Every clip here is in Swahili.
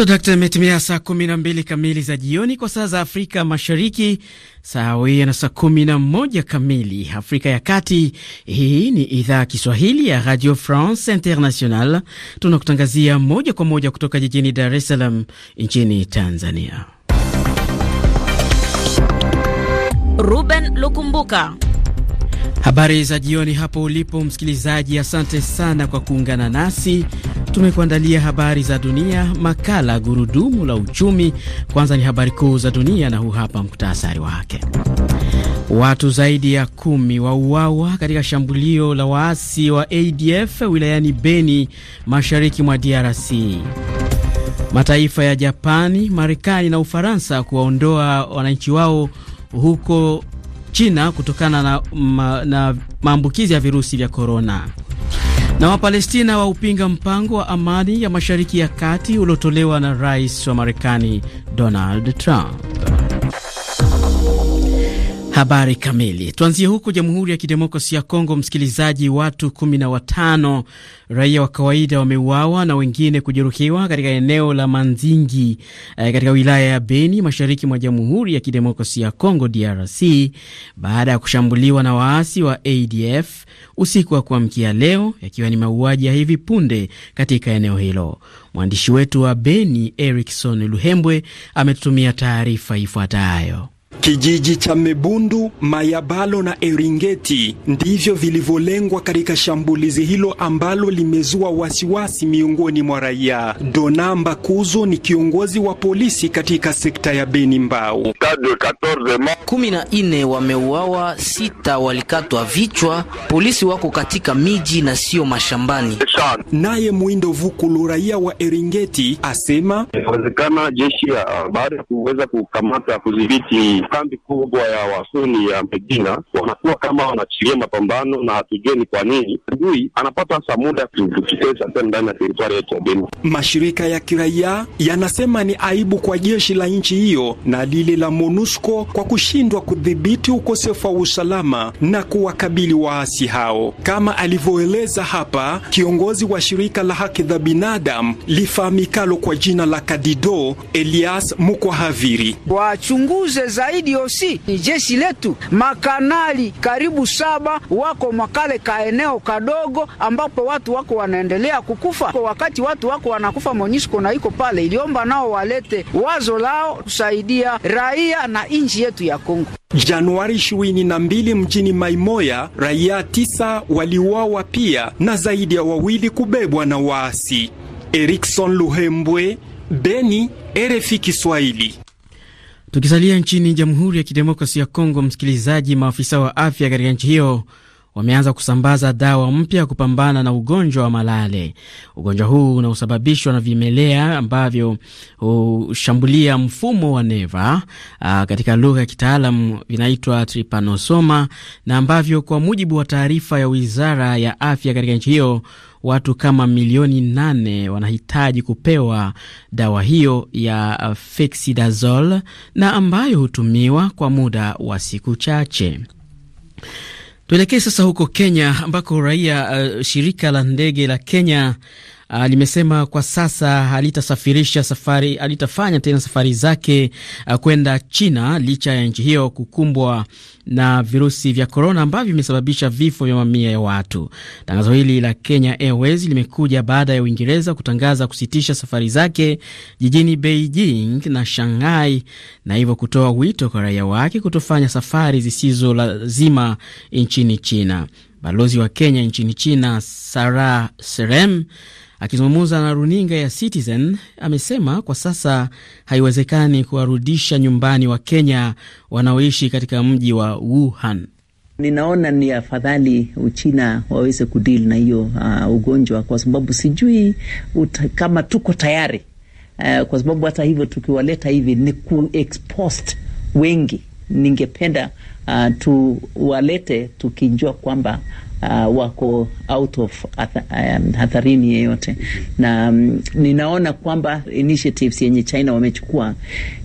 So, imetimia saa 12 kamili za jioni kwa saa za Afrika Mashariki, sawia na saa 11 kamili Afrika ya Kati. Hii ni idhaa ya Kiswahili ya Radio France International, tunakutangazia moja kwa moja kutoka jijini Dar es Salaam nchini Tanzania. Ruben Lukumbuka. Habari za jioni hapo ulipo msikilizaji, asante sana kwa kuungana nasi tumekuandalia habari za dunia, makala gurudumu la uchumi. Kwanza ni habari kuu za dunia na huu hapa mktasari wake. Watu zaidi ya kumi wauawa katika shambulio la waasi wa ADF wilayani Beni, mashariki mwa DRC. Mataifa ya Japani, Marekani na Ufaransa kuwaondoa wananchi wao huko China kutokana na, na maambukizi ya virusi vya korona. Na Wapalestina waupinga mpango wa amani ya Mashariki ya Kati uliotolewa na rais wa Marekani Donald Trump. Habari kamili. Tuanzie huku Jamhuri ya Kidemokrasia ya Kongo, msikilizaji. Watu 15 raia wa kawaida wameuawa na wengine kujeruhiwa katika eneo la Manzingi eh, katika wilaya ya Beni mashariki mwa Jamhuri ya Kidemokrasia ya Kongo DRC baada ya kushambuliwa na waasi wa ADF usiku wa kuamkia leo, yakiwa ni mauaji ya hivi punde katika eneo hilo. Mwandishi wetu wa Beni Erikson Luhembwe ametutumia taarifa ifuatayo. Kijiji cha Mebundu, Mayabalo na Eringeti ndivyo vilivyolengwa katika shambulizi hilo ambalo limezua wasiwasi miongoni mwa raia. Donamba Kuzo ni kiongozi wa polisi katika sekta ya Beni Mbau. kumi na nne wameuawa, sita walikatwa vichwa. Polisi wako katika miji na sio mashambani. Naye Mwindo Vukulu, raia wa Eringeti, asema inawezekana jeshi baada ya kuweza kukamata kudhibiti kambi kubwa ya wasuni ya Medina, wanakuwa kama wanachilia mapambano na hatujue ni kwa nini. Adui anapata hasa muda kujitesa tena ndani ya teritwari yetu ya Beni. Mashirika ya kiraia yanasema ni aibu kwa jeshi la nchi hiyo na lile la MONUSCO kwa kushindwa kudhibiti ukosefu wa usalama na kuwakabili waasi hao, kama alivyoeleza hapa kiongozi wa shirika la haki za binadamu lifahamikalo kwa jina la Kadido Elias Mukwahaviri. Wachunguze za zaidi osi jeshi letu makanali karibu saba wako makale eneo kadogo ambapo watu wako wanaendelea kukufa. Kwa wakati watu wako wanakufa, monisco na iko pale, iliomba nao walete wazo lao kusaidia raia na nchi yetu ya Kongo. Januari mbili mjini Maimoya raia tisa waliuawa pia na zaidi ya wawili kubebwa na waasi. Erikson Luhembwe, Beni, RFI Kiswahili. Tukisalia nchini Jamhuri ya kidemokrasi ya Kongo, msikilizaji, maafisa wa afya katika nchi hiyo wameanza kusambaza dawa mpya ya kupambana na ugonjwa wa malale. Ugonjwa huu unaosababishwa na vimelea ambavyo hushambulia mfumo wa neva, aa, ah, katika lugha ya kitaalam vinaitwa trypanosoma, na ambavyo kwa mujibu wa taarifa ya wizara ya afya katika nchi hiyo watu kama milioni nane wanahitaji kupewa dawa hiyo ya fexidazole na ambayo hutumiwa kwa muda wa siku chache. Tuelekee sasa huko Kenya ambako raia uh, shirika la ndege la Kenya uh, limesema kwa sasa halitasafirisha safari, halitafanya tena safari zake uh, kwenda China licha ya nchi hiyo kukumbwa na virusi vya korona ambavyo vimesababisha vifo vya mamia ya watu. Tangazo hili la Kenya Airways limekuja baada ya Uingereza kutangaza kusitisha safari zake jijini Beijing na Shanghai na hivyo kutoa wito kwa raia wake kutofanya safari zisizo lazima nchini China. Balozi wa Kenya nchini China Sara Serem Akizungumza na runinga ya Citizen amesema kwa sasa haiwezekani kuwarudisha nyumbani wa kenya wanaoishi katika mji wa Wuhan. Ninaona ni afadhali Uchina waweze kudili na hiyo uh, ugonjwa kwa sababu sijui uta, kama tuko tayari uh, kwa sababu hata hivyo tukiwaleta hivi ni ku wengi. Ningependa uh, tuwalete tukijua kwamba uh, wako out of um, yeyote, na um, ninaona kwamba initiatives yenye China wamechukua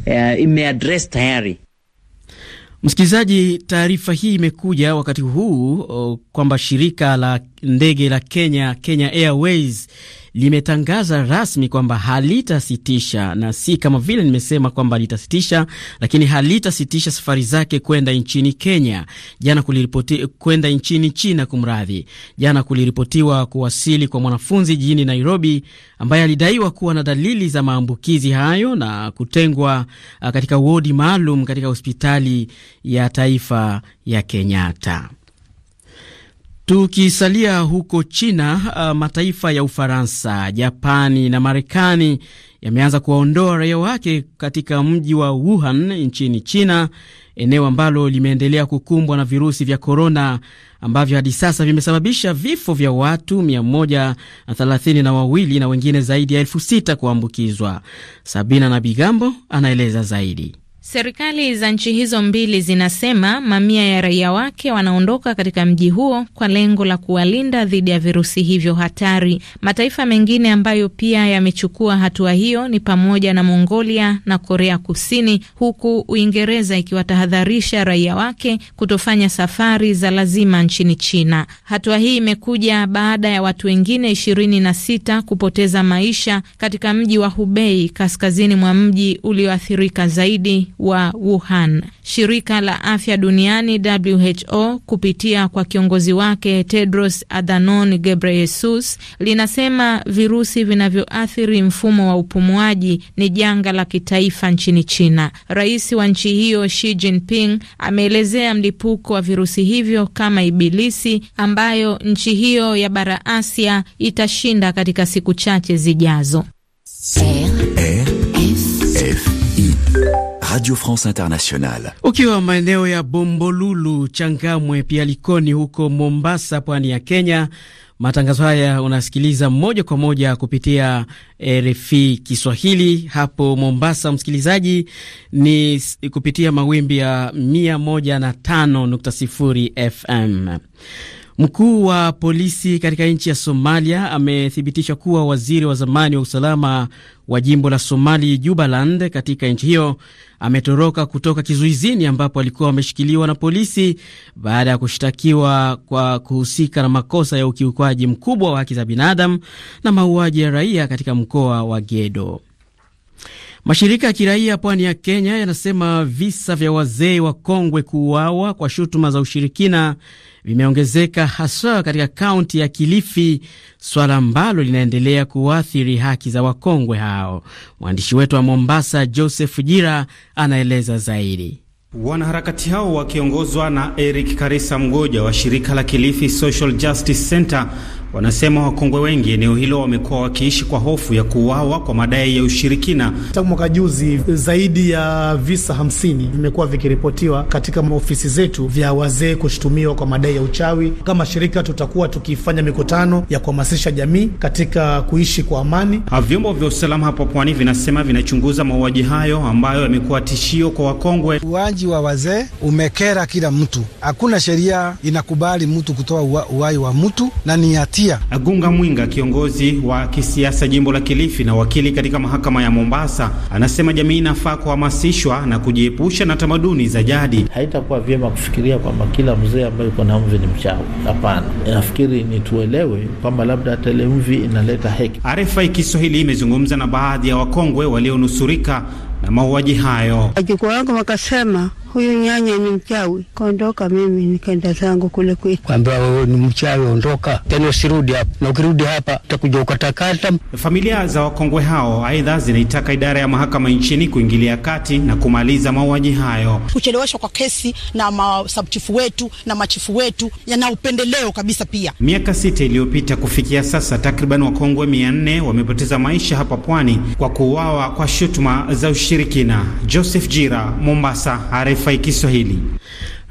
uh, imeaddress tayari. Msikilizaji, taarifa hii imekuja wakati huu uh, kwamba shirika la ndege la Kenya, Kenya Airways limetangaza rasmi kwamba halitasitisha, na si kama vile nimesema kwamba litasitisha, lakini halitasitisha safari zake kwenda nchini Kenya jana kuliripoti, kwenda nchini China kumradhi. Jana kuliripotiwa kuwasili kwa mwanafunzi jijini Nairobi ambaye alidaiwa kuwa na dalili za maambukizi hayo na kutengwa ah, katika wodi maalum katika hospitali ya taifa ya Kenyatta. Tukisalia huko China, uh, mataifa ya Ufaransa, Japani na Marekani yameanza kuwaondoa raia wake katika mji wa Wuhan nchini China, eneo ambalo limeendelea kukumbwa na virusi vya korona ambavyo hadi sasa vimesababisha vifo vya watu 132 na wawili na wengine zaidi ya elfu sita kuambukizwa. Sabina na Bigambo anaeleza zaidi. Serikali za nchi hizo mbili zinasema mamia ya raia wake wanaondoka katika mji huo kwa lengo la kuwalinda dhidi ya virusi hivyo hatari. Mataifa mengine ambayo pia yamechukua hatua hiyo ni pamoja na Mongolia na Korea Kusini, huku Uingereza ikiwatahadharisha raia wake kutofanya safari za lazima nchini China. Hatua hii imekuja baada ya watu wengine ishirini na sita kupoteza maisha katika mji wa Hubei, kaskazini mwa mji ulioathirika zaidi wa Wuhan. Shirika la Afya Duniani WHO kupitia kwa kiongozi wake Tedros Adhanom Ghebreyesus linasema virusi vinavyoathiri mfumo wa upumuaji ni janga la kitaifa nchini China. Rais wa nchi hiyo Xi Jinping ameelezea mlipuko wa virusi hivyo kama ibilisi ambayo nchi hiyo ya bara Asia itashinda katika siku chache zijazo. Radio France Internationale. Ukiwa maeneo ya Bombolulu, Changamwe pia Likoni huko Mombasa, pwani ya Kenya. Matangazo haya unasikiliza moja kwa moja kupitia eh, RFI Kiswahili hapo Mombasa, msikilizaji, ni kupitia mawimbi ya 105.0 FM. Mkuu wa polisi katika nchi ya Somalia amethibitisha kuwa waziri wa zamani wa usalama wa jimbo la Somali Jubaland katika nchi hiyo ametoroka kutoka kizuizini ambapo alikuwa ameshikiliwa na polisi baada ya kushtakiwa kwa kuhusika na makosa ya ukiukwaji mkubwa wa haki za binadamu na mauaji ya raia katika mkoa wa Gedo. Mashirika ya kiraia pwani ya Kenya yanasema visa vya wazee wakongwe kuuawa kwa shutuma za ushirikina vimeongezeka haswa katika kaunti ya Kilifi, swala ambalo linaendelea kuathiri haki za wakongwe hao. Mwandishi wetu wa Mombasa, Joseph Jira, anaeleza zaidi. Wanaharakati hao wakiongozwa na Eric Karisa Mgoja wa shirika la Kilifi Social Justice Center Wanasema wakongwe wengi eneo hilo wamekuwa wakiishi kwa hofu ya kuuawa kwa madai ya ushirikina. Tangu mwaka juzi, zaidi ya visa hamsini vimekuwa vikiripotiwa katika ofisi zetu vya wazee kushutumiwa kwa madai ya uchawi. Kama shirika, tutakuwa tukifanya mikutano ya kuhamasisha jamii katika kuishi kwa amani. Ah, vyombo vya usalama hapo pwani vinasema vinachunguza mauaji hayo ambayo yamekuwa tishio kwa wakongwe. uwaji wa wazee umekera kila mtu, hakuna sheria inakubali mtu kutoa uwai wa mtu na ni hatia teknolojia. Agunga Mwinga, kiongozi wa kisiasa jimbo la Kilifi na wakili katika mahakama ya Mombasa, anasema jamii inafaa kuhamasishwa na kujiepusha na tamaduni za jadi. Haitakuwa vyema kufikiria kwamba kila mzee ambaye uko na mvi ni mchawi. Hapana, nafikiri ni tuelewe kwamba labda hata ile mvi inaleta hekima. RFI Kiswahili imezungumza na baadhi ya wakongwe walionusurika na mauaji hayo. Wajukuu wangu wakasema huyu nyanya ni mchawi, kaondoka. Mimi nikaenda zangu kule kwetu, kwambia wewe ni mchawi, ondoka tena usirudi hapa, na ukirudi hapa utakuja ukatakata. Familia za wakongwe hao aidha zinaitaka idara ya mahakama nchini kuingilia kati na kumaliza mauaji hayo. Kucheleweshwa kwa kesi na masabchifu wetu na machifu wetu yana upendeleo kabisa. Pia miaka sita iliyopita kufikia sasa, takriban wakongwe mia nne wamepoteza maisha hapa pwani kwa kuuawa kwa shutuma za ushirikina. Joseph Jira, Mombasa, RFI. RFI Kiswahili.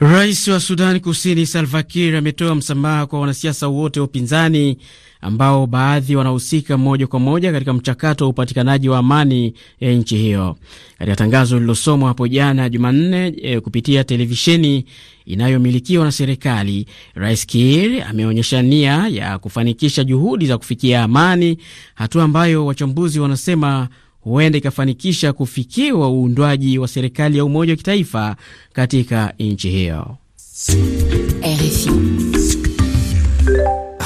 Rais wa Sudani Kusini Salva Kiir ametoa msamaha kwa wanasiasa wote wa upinzani ambao baadhi wanahusika moja kwa moja katika mchakato wa upatikanaji wa amani ya nchi hiyo. Katika tangazo lililosomwa hapo jana Jumanne e, kupitia televisheni inayomilikiwa na serikali, Rais Kiir ameonyesha nia ya kufanikisha juhudi za kufikia amani, hatua ambayo wachambuzi wanasema huenda ikafanikisha kufikiwa uundwaji wa serikali ya umoja wa kitaifa katika nchi hiyo.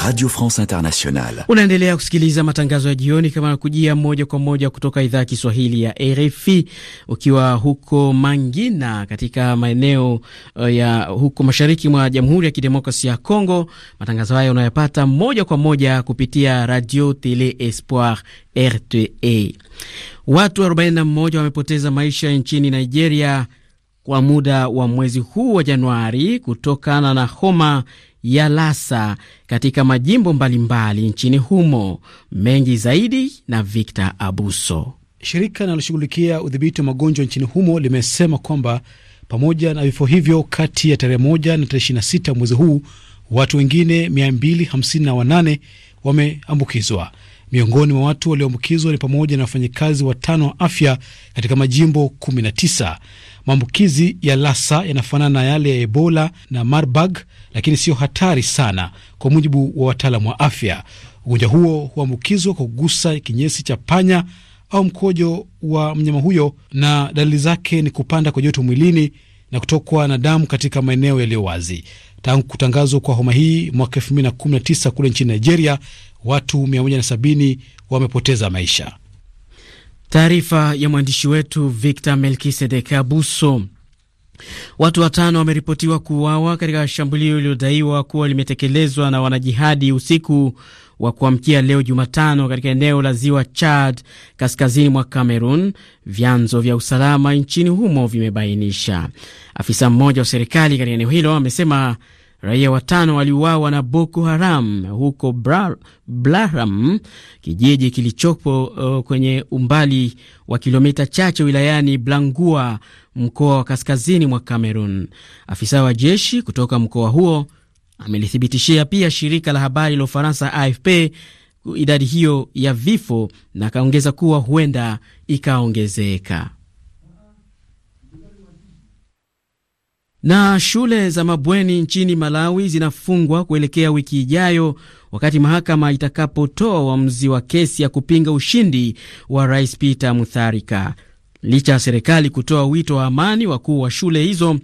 Radio France Internationale. Unaendelea kusikiliza matangazo ya jioni kama nakujia moja kwa moja kutoka idhaa ya Kiswahili ya RFI ukiwa huko Mangina katika maeneo uh, ya huko mashariki mwa Jamhuri ya Kidemokrasia ya Kongo. Matangazo haya unayapata moja kwa moja kupitia Radio Tele Espoir RTE. Watu 41 wamepoteza maisha nchini Nigeria kwa muda wa mwezi huu wa Januari kutokana na homa ya Lassa katika majimbo mbalimbali mbali nchini humo. Mengi zaidi na Victor Abuso. Shirika linaloshughulikia udhibiti wa magonjwa nchini humo limesema kwamba pamoja na vifo hivyo, kati ya tarehe moja na tarehe 26 mwezi huu, watu wengine 258 wameambukizwa. Miongoni mwa watu walioambukizwa ni pamoja na wafanyakazi watano wa afya katika majimbo 19. Maambukizi ya Lassa yanafanana na yale ya Ebola na Marburg, lakini siyo hatari sana, kwa mujibu wa wataalam wa afya. Ugonjwa huo huambukizwa kwa kugusa kinyesi cha panya au mkojo wa mnyama huyo, na dalili zake ni kupanda kwa joto mwilini na kutokwa na damu katika maeneo yaliyo wazi. Tangu kutangazwa kwa homa hii mwaka 2019 kule nchini Nigeria, watu 170 wamepoteza maisha. Taarifa ya mwandishi wetu Victor Melkisedek Abuso. Watu watano wameripotiwa kuuawa katika shambulio lililodaiwa kuwa limetekelezwa na wanajihadi usiku wa kuamkia leo Jumatano katika eneo la ziwa Chad kaskazini mwa Cameroon, vyanzo vya usalama nchini humo vimebainisha. Afisa mmoja wa serikali katika eneo hilo amesema raia watano waliuawa na Boko Haram huko blaham kijiji kilichopo uh, kwenye umbali wa kilomita chache wilayani Blangua, mkoa wa kaskazini mwa Cameroon. Afisa wa jeshi kutoka mkoa huo amelithibitishia pia shirika la habari la Ufaransa AFP idadi hiyo ya vifo na akaongeza kuwa huenda ikaongezeka. Na shule za mabweni nchini Malawi zinafungwa kuelekea wiki ijayo, wakati mahakama itakapotoa uamuzi wa kesi ya kupinga ushindi wa Rais Peter Mutharika. Licha ya serikali kutoa wito wa amani, wakuu wa shule hizo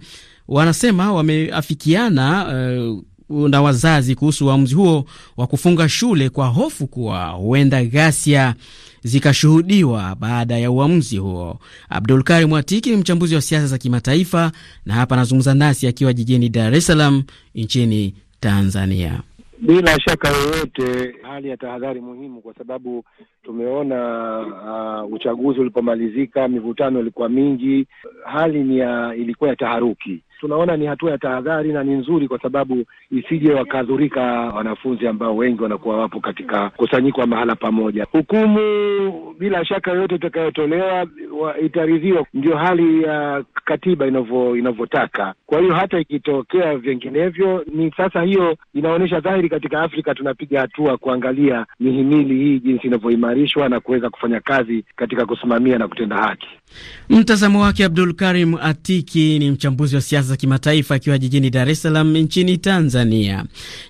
wanasema wameafikiana uh, na wazazi kuhusu uamuzi huo wa kufunga shule kwa hofu kuwa huenda ghasia zikashuhudiwa baada ya uamuzi huo. Abdulkarim Watiki ni mchambuzi wa siasa za kimataifa na hapa anazungumza nasi akiwa jijini Dar es Salaam nchini Tanzania. Bila shaka yoyote, hali ya tahadhari muhimu, kwa sababu tumeona uh, uchaguzi ulipomalizika, mivutano ilikuwa mingi, hali ni ya ilikuwa ya taharuki tunaona ni hatua ya tahadhari na ni nzuri, kwa sababu isije wakadhurika wanafunzi ambao wengi wanakuwa wapo katika kusanyiko mahala pamoja. Hukumu bila shaka yoyote itakayotolewa itaridhiwa, ndio hali ya uh, katiba inavyotaka. Kwa hiyo hata ikitokea vinginevyo, ni sasa, hiyo inaonyesha dhahiri katika Afrika tunapiga hatua kuangalia mihimili hii jinsi inavyoimarishwa na kuweza kufanya kazi katika kusimamia na kutenda haki. Mtazamo wake Abdul Karim Atiki ni mchambuzi wa siasa za kimataifa akiwa jijini Dar es Salaam nchini Tanzania.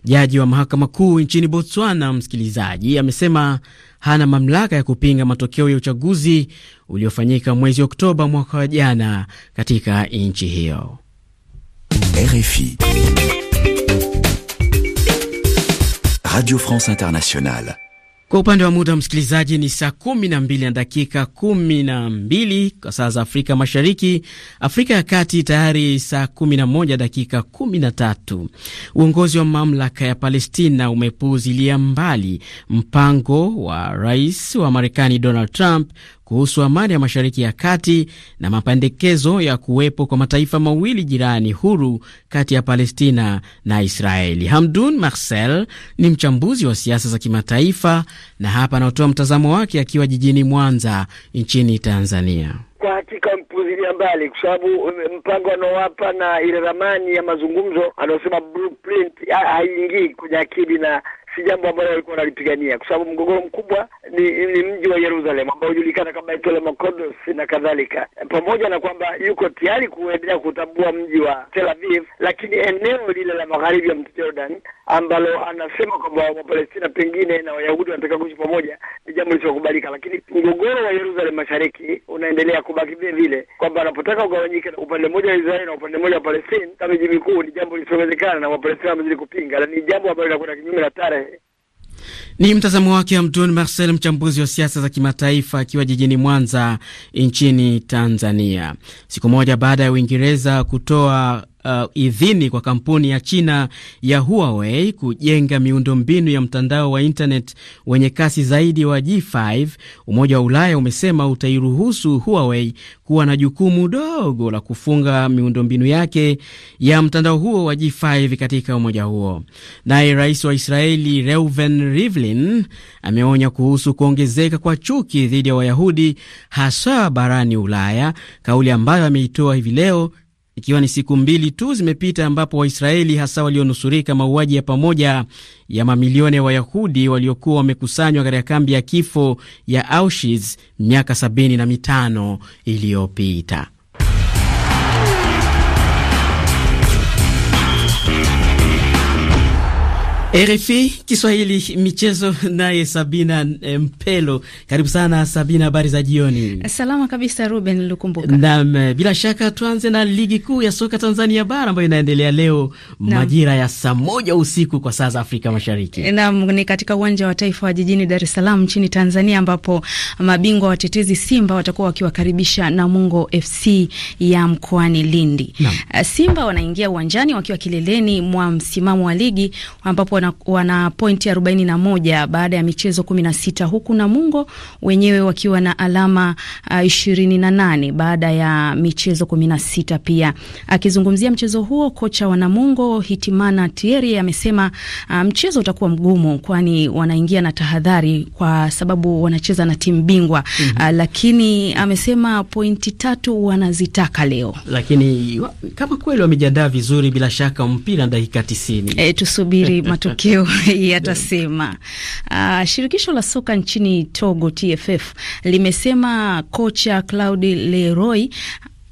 Jaji wa mahakama kuu nchini Botswana, msikilizaji, amesema hana mamlaka ya kupinga matokeo ya uchaguzi uliofanyika mwezi Oktoba mwaka wa jana katika nchi hiyo. RFI Radio France Internationale. Kwa upande wa muda msikilizaji, ni saa kumi na mbili na dakika kumi na mbili kwa saa za Afrika Mashariki. Afrika ya Kati tayari saa kumi na moja dakika kumi na tatu. Uongozi wa mamlaka ya Palestina umepuuzilia mbali mpango wa rais wa Marekani Donald Trump kuhusu amani ya Mashariki ya Kati na mapendekezo ya kuwepo kwa mataifa mawili jirani huru kati ya Palestina na Israeli. Hamdun Marcel ni mchambuzi wa siasa za kimataifa na hapa anaotoa mtazamo wake akiwa jijini Mwanza nchini Tanzania. Kwa hakika mpuzilia mbali, kwa sababu um, mpango anaowapa na ile ramani ya mazungumzo anaosema blueprint haiingii kwenye akili na si jambo ambalo walikuwa wanalipigania, kwa sababu mgogoro mkubwa ni, ni mji wa Yerusalemu ambao hujulikana kama Ptolemaikodos na kadhalika, pamoja na kwamba yuko tayari kuendelea kutambua mji wa Tel Aviv, lakini eneo lile la magharibi ya mto Jordan ambalo anasema kwamba Wapalestina pengine na Wayahudi wanataka kuishi pamoja ni jambo lisiokubalika, Lakini mgogoro wa Yerusalemu mashariki unaendelea kubaki vile vile, kwamba anapotaka ugawanyike upande mmoja wa Israeli na upande mmoja wa Palestina kama miji mikuu, ni jambo lisiowezekana, na Wapalestina wamezidi kupinga, ni jambo ambalo linakwenda kinyume na tarehe ni mtazamo wake Hamdun Marcel, mchambuzi wa siasa za kimataifa akiwa jijini Mwanza nchini Tanzania. Siku moja baada ya Uingereza kutoa uh, idhini kwa kampuni ya China ya Huawei kujenga miundombinu ya mtandao wa internet wenye kasi zaidi wa G5, Umoja wa Ulaya umesema utairuhusu Huawei kuwa na jukumu dogo la kufunga miundombinu yake ya mtandao huo wa G5 katika umoja huo. Naye rais wa Israeli Reuven Rivlin ameonya kuhusu kuongezeka kwa chuki dhidi ya Wayahudi hasa barani Ulaya, kauli ambayo ameitoa hivi leo ikiwa ni siku mbili tu zimepita ambapo Waisraeli hasa walionusurika mauaji ya pamoja ya mamilioni ya Wayahudi waliokuwa wamekusanywa katika kambi ya kifo ya Auschwitz miaka 75 iliyopita. RFI Kiswahili michezo, naye Sabina eh, Mpelo. Karibu sana Sabina, habari za jioni. Salama kabisa Ruben Lukumbuka. Naam, eh, bila shaka tuanze na ligi kuu ya soka Tanzania bara ambayo inaendelea leo Naam. majira ya saa moja usiku kwa saa za Afrika Mashariki. Naam, ni katika uwanja wa taifa wa jijini Dar es Salaam nchini Tanzania ambapo mabingwa watetezi Simba watakuwa wakiwakaribisha Namungo FC ya mkoani Lindi. Naam. Eh, Simba wanaingia uwanjani wakiwa kileleni mwa msimamo wa ligi ambapo wana, pointi 41 baada ya michezo 16 huku Namungo wenyewe wakiwa na alama uh, 28 baada ya michezo 16 pia. Akizungumzia mchezo huo, kocha wa Namungo Hitimana Tieri amesema uh, mchezo utakuwa mgumu, kwani wanaingia na tahadhari kwa sababu wanacheza na timu bingwa mm -hmm. uh, lakini amesema pointi tatu wanazitaka leo, lakini kama kweli wamejiandaa vizuri, bila shaka mpira dakika 90 eh, tusubiri matokeo yatasema. Uh, shirikisho la soka nchini Togo TFF limesema kocha Claude Leroy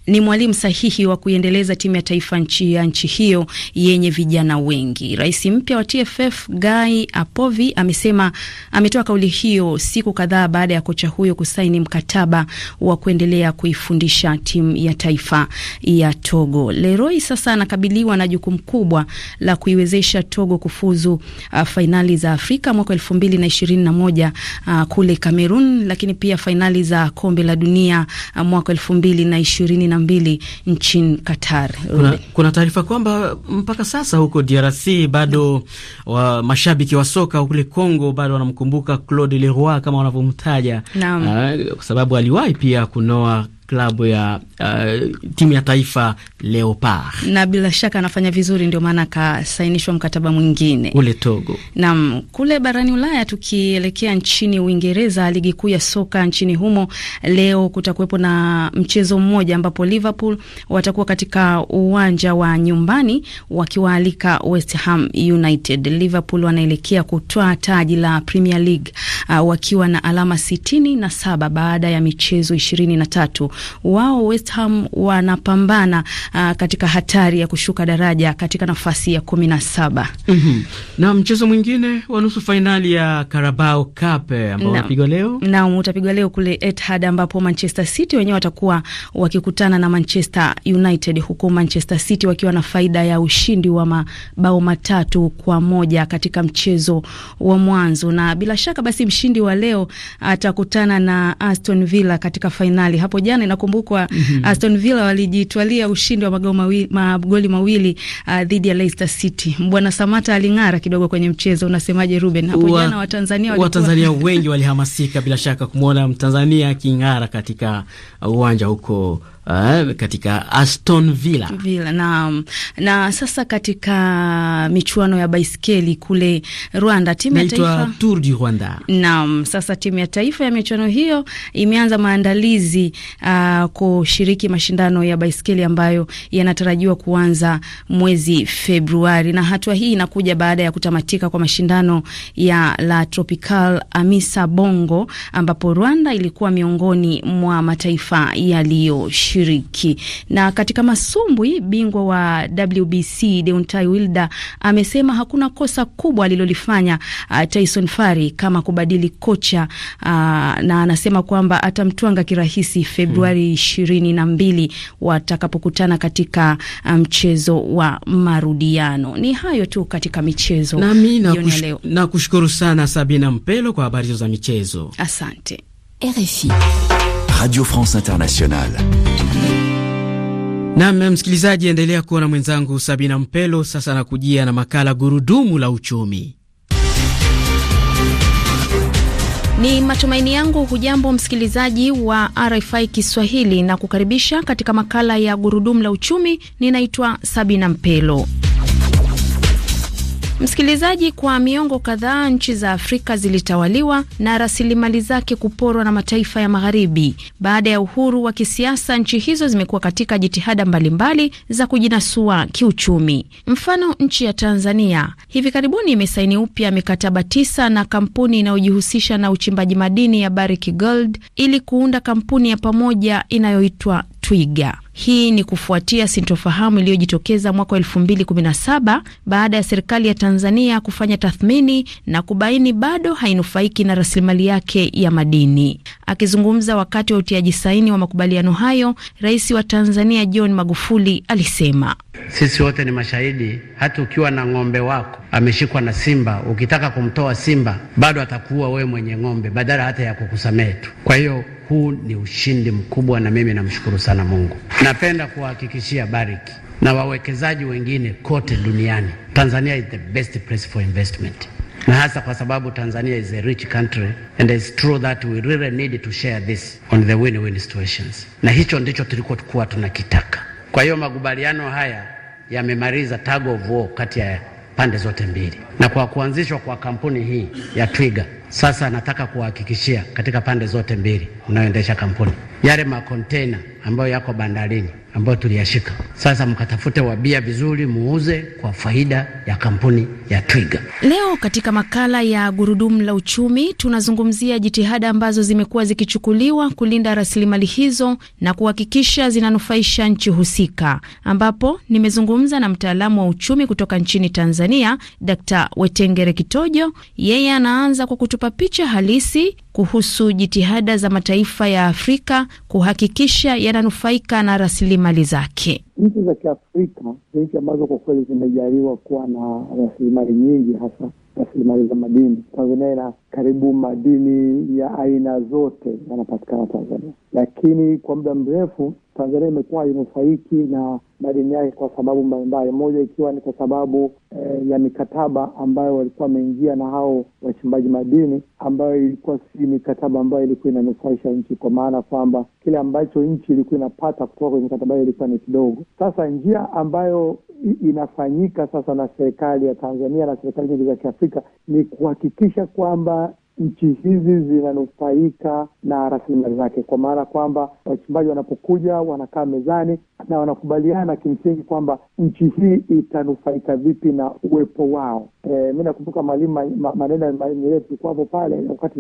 ni mwalimu sahihi wa kuiendeleza timu ya taifa nchi ya nchi hiyo yenye vijana wengi. Rais mpya wa TFF Guy Apovi amesema ametoa kauli hiyo siku kadhaa baada ya kocha huyo kusaini mkataba wa kuendelea kuifundisha timu ya taifa ya Togo. Leroy sasa anakabiliwa na jukumu kubwa la kuiwezesha Togo kufuzu uh, fainali za Afrika mwaka elfu mbili na ishirini na moja uh, kule Kamerun, lakini pia fainali za kombe la dunia uh, mwaka elfu mbili na ishirini na mbili nchini Qatar. Kuna, kuna taarifa kwamba mpaka sasa huko DRC bado wa, mashabiki wa soka kule Congo bado wanamkumbuka Claude Leroy kama wanavyomtaja, ah, kwa sababu aliwahi pia kunoa klabu ya uh, timu ya taifa Leopard, na bila shaka anafanya vizuri, ndio maana akasainishwa mkataba mwingine ule Togo. Naam, kule barani Ulaya, tukielekea nchini Uingereza, ligi kuu ya soka nchini humo, leo kutakuwepo na mchezo mmoja ambapo Liverpool watakuwa katika uwanja wa nyumbani wakiwaalika West Ham United. Liverpool wanaelekea kutoa taji la Premier League uh, wakiwa na alama sitini na saba baada ya michezo 23 wao West Ham wanapambana uh, katika hatari ya kushuka daraja katika nafasi ya kumi na saba. mm -hmm. Na mchezo mwingine wa nusu fainali ya Carabao Cup eh, ambao unapigwa leo na utapigwa leo kule Etihad, ambapo Manchester City wenyewe watakuwa wakikutana na Manchester United, huku Manchester City wakiwa na faida ya ushindi wa mabao matatu kwa moja katika mchezo wa mwanzo, na bila shaka basi mshindi wa leo atakutana na Aston Villa katika fainali hapo jana jana Nakumbukwa mm -hmm. Uh, Aston Villa walijitwalia ushindi wa magoli mawili, magoli mawili uh, dhidi ya Leicester City. Bwana Samata aling'ara kidogo kwenye mchezo. Unasemaje Ruben? Hapo wa, jana Watanzania walikuwa Watanzania wengi walihamasika bila shaka kumwona Mtanzania aking'ara katika uh, uwanja huko uh, katika Aston Villa, Villa na, na sasa katika michuano ya baiskeli kule Rwanda timu ya taifa Tour du Rwanda. Naam, sasa timu ya taifa ya michuano hiyo imeanza maandalizi uh, kushiriki mashindano ya baiskeli ambayo yanatarajiwa kuanza mwezi Februari, na hatua hii inakuja baada ya kutamatika kwa mashindano ya La Tropical Amisa Bongo ambapo Rwanda ilikuwa miongoni mwa mataifa yaliyo kushiriki. Na katika masumbwi, bingwa wa WBC Deontay Wilder amesema hakuna kosa kubwa alilolifanya uh, Tyson Fury kama kubadili kocha uh, na anasema kwamba atamtwanga kirahisi Februari hmm. ishirini hmm, na mbili watakapokutana katika uh, mchezo um, wa marudiano. Ni hayo tu katika michezo mimi na, kush na kushukuru sana Sabina Mpelo kwa habari hizo za michezo, asante RFI. Radio France Internationale. Nam msikilizaji, endelea kuwa na mwenzangu Sabina Mpelo. Sasa nakujia na makala gurudumu la uchumi. Ni matumaini yangu hujambo msikilizaji wa RFI Kiswahili na kukaribisha katika makala ya gurudumu la uchumi. Ninaitwa Sabina Mpelo. Msikilizaji, kwa miongo kadhaa nchi za Afrika zilitawaliwa na rasilimali zake kuporwa na mataifa ya Magharibi. Baada ya uhuru wa kisiasa, nchi hizo zimekuwa katika jitihada mbalimbali za kujinasua kiuchumi. Mfano, nchi ya Tanzania hivi karibuni imesaini upya mikataba tisa na kampuni inayojihusisha na uchimbaji madini ya Barrick Gold ili kuunda kampuni ya pamoja inayoitwa Twiga. Hii ni kufuatia sintofahamu iliyojitokeza mwaka 2017 baada ya serikali ya Tanzania kufanya tathmini na kubaini bado hainufaiki na rasilimali yake ya madini. Akizungumza wakati wa utiaji saini wa makubaliano hayo, Rais wa Tanzania John Magufuli alisema sisi wote ni mashahidi. Hata ukiwa na ng'ombe wako ameshikwa na simba, ukitaka kumtoa simba bado atakuwa wewe mwenye ng'ombe, badala hata ya kukusamehe tu. Kwa hiyo huu ni ushindi mkubwa, na mimi namshukuru sana Mungu. Napenda kuwahakikishia Barrick na wawekezaji wengine kote duniani, Tanzania is the best place for investment, na hasa kwa sababu Tanzania is a rich country and it's true that we really need to share this on the win-win situations, na hicho ndicho tulikuwa tunakitaka. Kwa hiyo makubaliano haya yamemaliza tug of war kati ya pande zote mbili, na kwa kuanzishwa kwa kampuni hii ya Twiga sasa nataka kuwahakikishia katika pande zote mbili, unayoendesha kampuni, yale makontena ambayo yako bandarini ambayo tuliyashika, sasa mkatafute wabia vizuri, muuze kwa faida ya kampuni ya Twiga. Leo katika makala ya gurudumu la uchumi tunazungumzia jitihada ambazo zimekuwa zikichukuliwa kulinda rasilimali hizo na kuhakikisha zinanufaisha nchi husika, ambapo nimezungumza na mtaalamu wa uchumi kutoka nchini Tanzania, Dkt. Wetengere Kitojo. Yeye anaanza kwa kutupa kutupa picha halisi kuhusu jitihada za mataifa ya Afrika kuhakikisha yananufaika na rasilimali zake. Nchi za Kiafrika ni nchi ambazo kwa kweli zimejaliwa kuwa na rasilimali nyingi, hasa rasilimali za madini. Tanzania ina karibu madini ya aina zote yanapatikana Tanzania, lakini kwa muda mrefu Tanzania imekuwa inufaiki na madini yake kwa sababu mbalimbali, moja ikiwa ni kwa sababu eh, ya mikataba ambayo walikuwa wameingia na hao wachimbaji madini, ambayo ilikuwa si mikataba ambayo ilikuwa inanufaisha nchi, kwa maana kwamba kile ambacho nchi ilikuwa inapata kutoka kwenye mikataba hiyo ilikuwa ni kidogo. Sasa njia ambayo inafanyika sasa na serikali ya Tanzania na serikali nyingi za Kiafrika ni kuhakikisha kwamba nchi hizi zinanufaika na rasilimali zake, kwa maana kwamba wachimbaji wanapokuja wanakaa mezani, na wanakubaliana kimsingi kwamba nchi hii itanufaika vipi na uwepo wao. E, mi nakumbuka mwalimu maneno ya Mwalimu Nyerere tulikuwapo pale wakati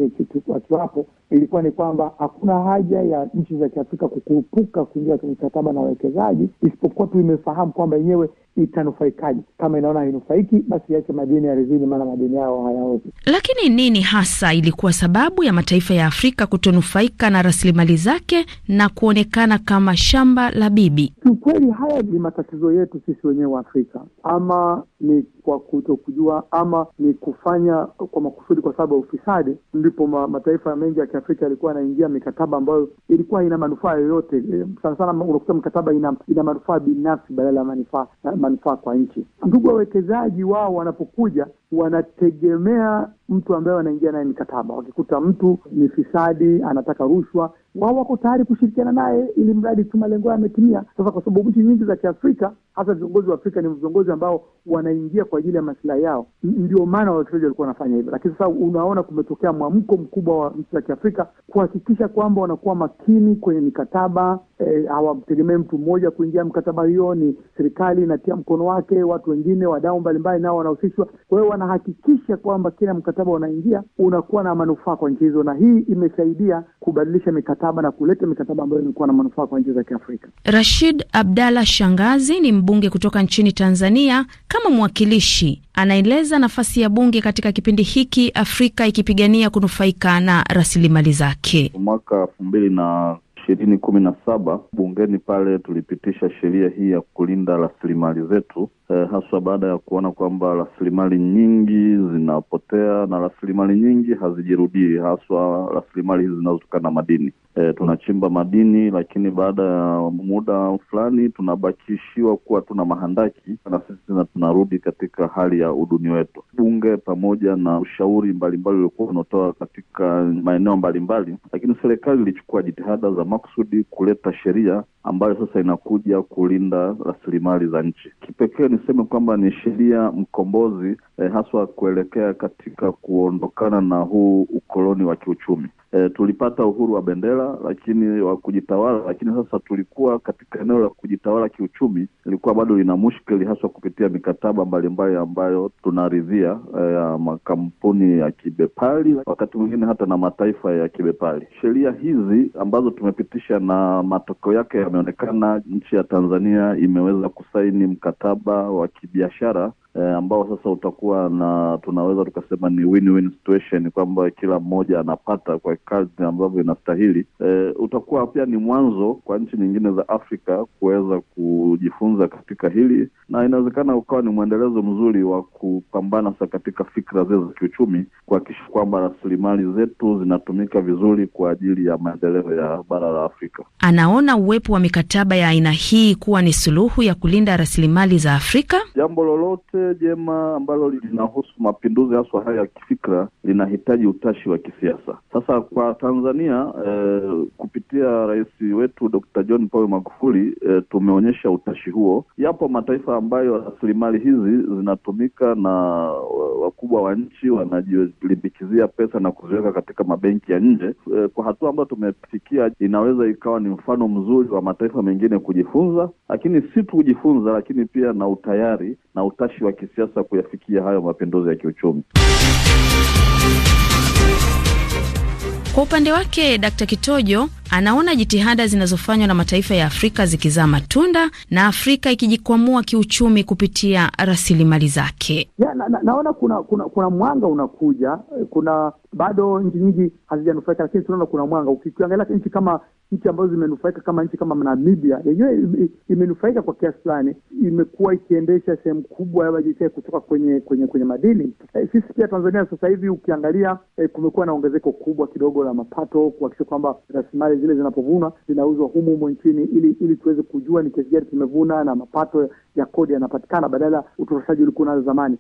akiwapo, ilikuwa ni kwamba hakuna haja ya nchi za Kiafrika kukurupuka kuingia kwenye mikataba na wawekezaji isipokuwa tu imefahamu kwamba yenyewe itanufaikaje. Kama inaona hainufaiki, basi iache madini rizini maana madini yao hayaozi. Lakini nini hasa ilikuwa sababu ya mataifa ya Afrika kutonufaika na rasilimali zake na kuonekana kama shamba la bibi? Kiukweli haya ni matatizo yetu sisi wenyewe wa Afrika, ama ni kwa kutokujua, ama ni kufanya kwa makusudi, kwa sababu ya ufisadi. Ndipo ma, mataifa mengi ya Kiafrika yalikuwa yanaingia mikataba ambayo ilikuwa ina manufaa yoyote. Sana sana unakuta mkataba ina, ina manufaa binafsi badala ya manufaa eh, manufaa kwa nchi. Ndugu wawekezaji wao wanapokuja wanategemea mtu ambaye wanaingia naye mikataba. Wakikuta mtu ni fisadi, anataka rushwa, wao wako tayari kushirikiana naye, ili mradi tu malengo yao yametimia. Sasa kwa sababu nchi nyingi za Kiafrika, hasa viongozi wa Afrika, ni viongozi ambao wanaingia kwa ajili ya masilahi yao, ndio maana wawekezaji walikuwa wanafanya hivyo. Lakini sasa unaona kumetokea mwamko mkubwa wa nchi za Kiafrika kuhakikisha kwamba wanakuwa makini kwenye mikataba eh, mtu mmoja kuingia mkataba hiyo, ni serikali inatia mkono wake, watu wengine, wadau mbalimbali nao wanahusishwa. Kwa hiyo wanahakikisha kwamba kila mkataba unaingia unakuwa na manufaa kwa nchi hizo, na hii imesaidia kubadilisha mikataba na kuleta mikataba ambayo imekuwa na manufaa kwa nchi za Kiafrika. Rashid Abdallah Shangazi ni mbunge kutoka nchini Tanzania. Kama mwakilishi, anaeleza nafasi ya bunge katika kipindi hiki, Afrika ikipigania kunufaika na rasilimali zake. Mwaka elfu mbili na ishirini kumi na saba bungeni pale tulipitisha sheria hii ya kulinda rasilimali zetu e, haswa baada ya kuona kwamba rasilimali nyingi zinapotea na rasilimali nyingi hazijirudii, haswa rasilimali hizi zinazotokana na madini. e, tunachimba madini lakini baada ya muda fulani tunabakishiwa kuwa tuna mahandaki na sisi tunarudi katika hali ya uduni wetu. Bunge pamoja na ushauri mbalimbali uliokuwa unatoa katika maeneo mbalimbali, lakini serikali ilichukua jitihada za makusudi kuleta sheria ambayo sasa inakuja kulinda rasilimali za nchi. Kipekee niseme kwamba ni sheria mkombozi eh, haswa kuelekea katika kuondokana na huu ukoloni wa kiuchumi. Eh, tulipata uhuru wa bendera lakini wa kujitawala, lakini sasa tulikuwa katika eneo la kujitawala kiuchumi ilikuwa bado lina mushkeli, haswa kupitia mikataba mbalimbali ambayo tunaridhia eh, ya eh, makampuni ya kibepari, wakati mwingine hata na mataifa ya kibepari. Sheria hizi ambazo tumepita kusikitisha na matokeo yake yameonekana. Nchi ya Tanzania imeweza kusaini mkataba wa kibiashara eh, ambao sasa utakuwa na tunaweza tukasema ni win-win situation kwamba kila mmoja anapata kwa kazi ambavyo inastahili. eh, utakuwa pia ni mwanzo kwa nchi nyingine za Afrika kuweza kujifunza katika hili, na inawezekana ukawa ni mwendelezo mzuri wa kupambana sasa katika fikra zile za kiuchumi, kuhakikisha kwamba rasilimali zetu zinatumika vizuri kwa ajili ya maendeleo ya bara la Afrika. Anaona uwepo wa mikataba ya aina hii kuwa ni suluhu ya kulinda rasilimali za Afrika. Jambo lolote jema ambalo linahusu mapinduzi haswa haya ya kifikra linahitaji utashi wa kisiasa. Sasa kwa Tanzania eh, kupitia rais wetu d John Pombe Magufuli eh, tumeonyesha utashi huo. Yapo mataifa ambayo rasilimali hizi zinatumika na wakubwa wa nchi wanajilimbikizia pesa na kuziweka katika mabenki ya nje. Eh, kwa hatua ambayo tumefikia inaweza ikawa ni mfano mzuri wa mataifa mengine kujifunza, lakini si tu kujifunza, lakini pia na utayari na utashi wa kisiasa kuyafikia hayo mapinduzi ya kiuchumi. Kwa upande wake Dkt. Kitojo anaona jitihada zinazofanywa na mataifa ya Afrika zikizaa matunda na Afrika ikijikwamua kiuchumi kupitia rasilimali zake. Ya, na, na, naona kuna, kuna, kuna mwanga unakuja, kuna bado nchi nyingi hazijanufaika, lakini tunaona kuna mwanga. Ukiangalia nchi kama nchi ambazo zimenufaika kama nchi kama Namibia yenyewe imenufaika kwa kiasi fulani, imekuwa ikiendesha sehemu kubwa ya bajeti kutoka kwenye kwenye kwenye madini. E, sisi pia Tanzania sasa hivi ukiangalia, e, kumekuwa na ongezeko kubwa kidogo la mapato kuhakikisha kwamba rasilimali zile zinapovunwa zinauzwa humu humu nchini, ili ili tuweze kujua ni kiasi gani tumevuna na mapato ya kodi yanapatikana badala utoroshaji ulikuwa nazo zamani.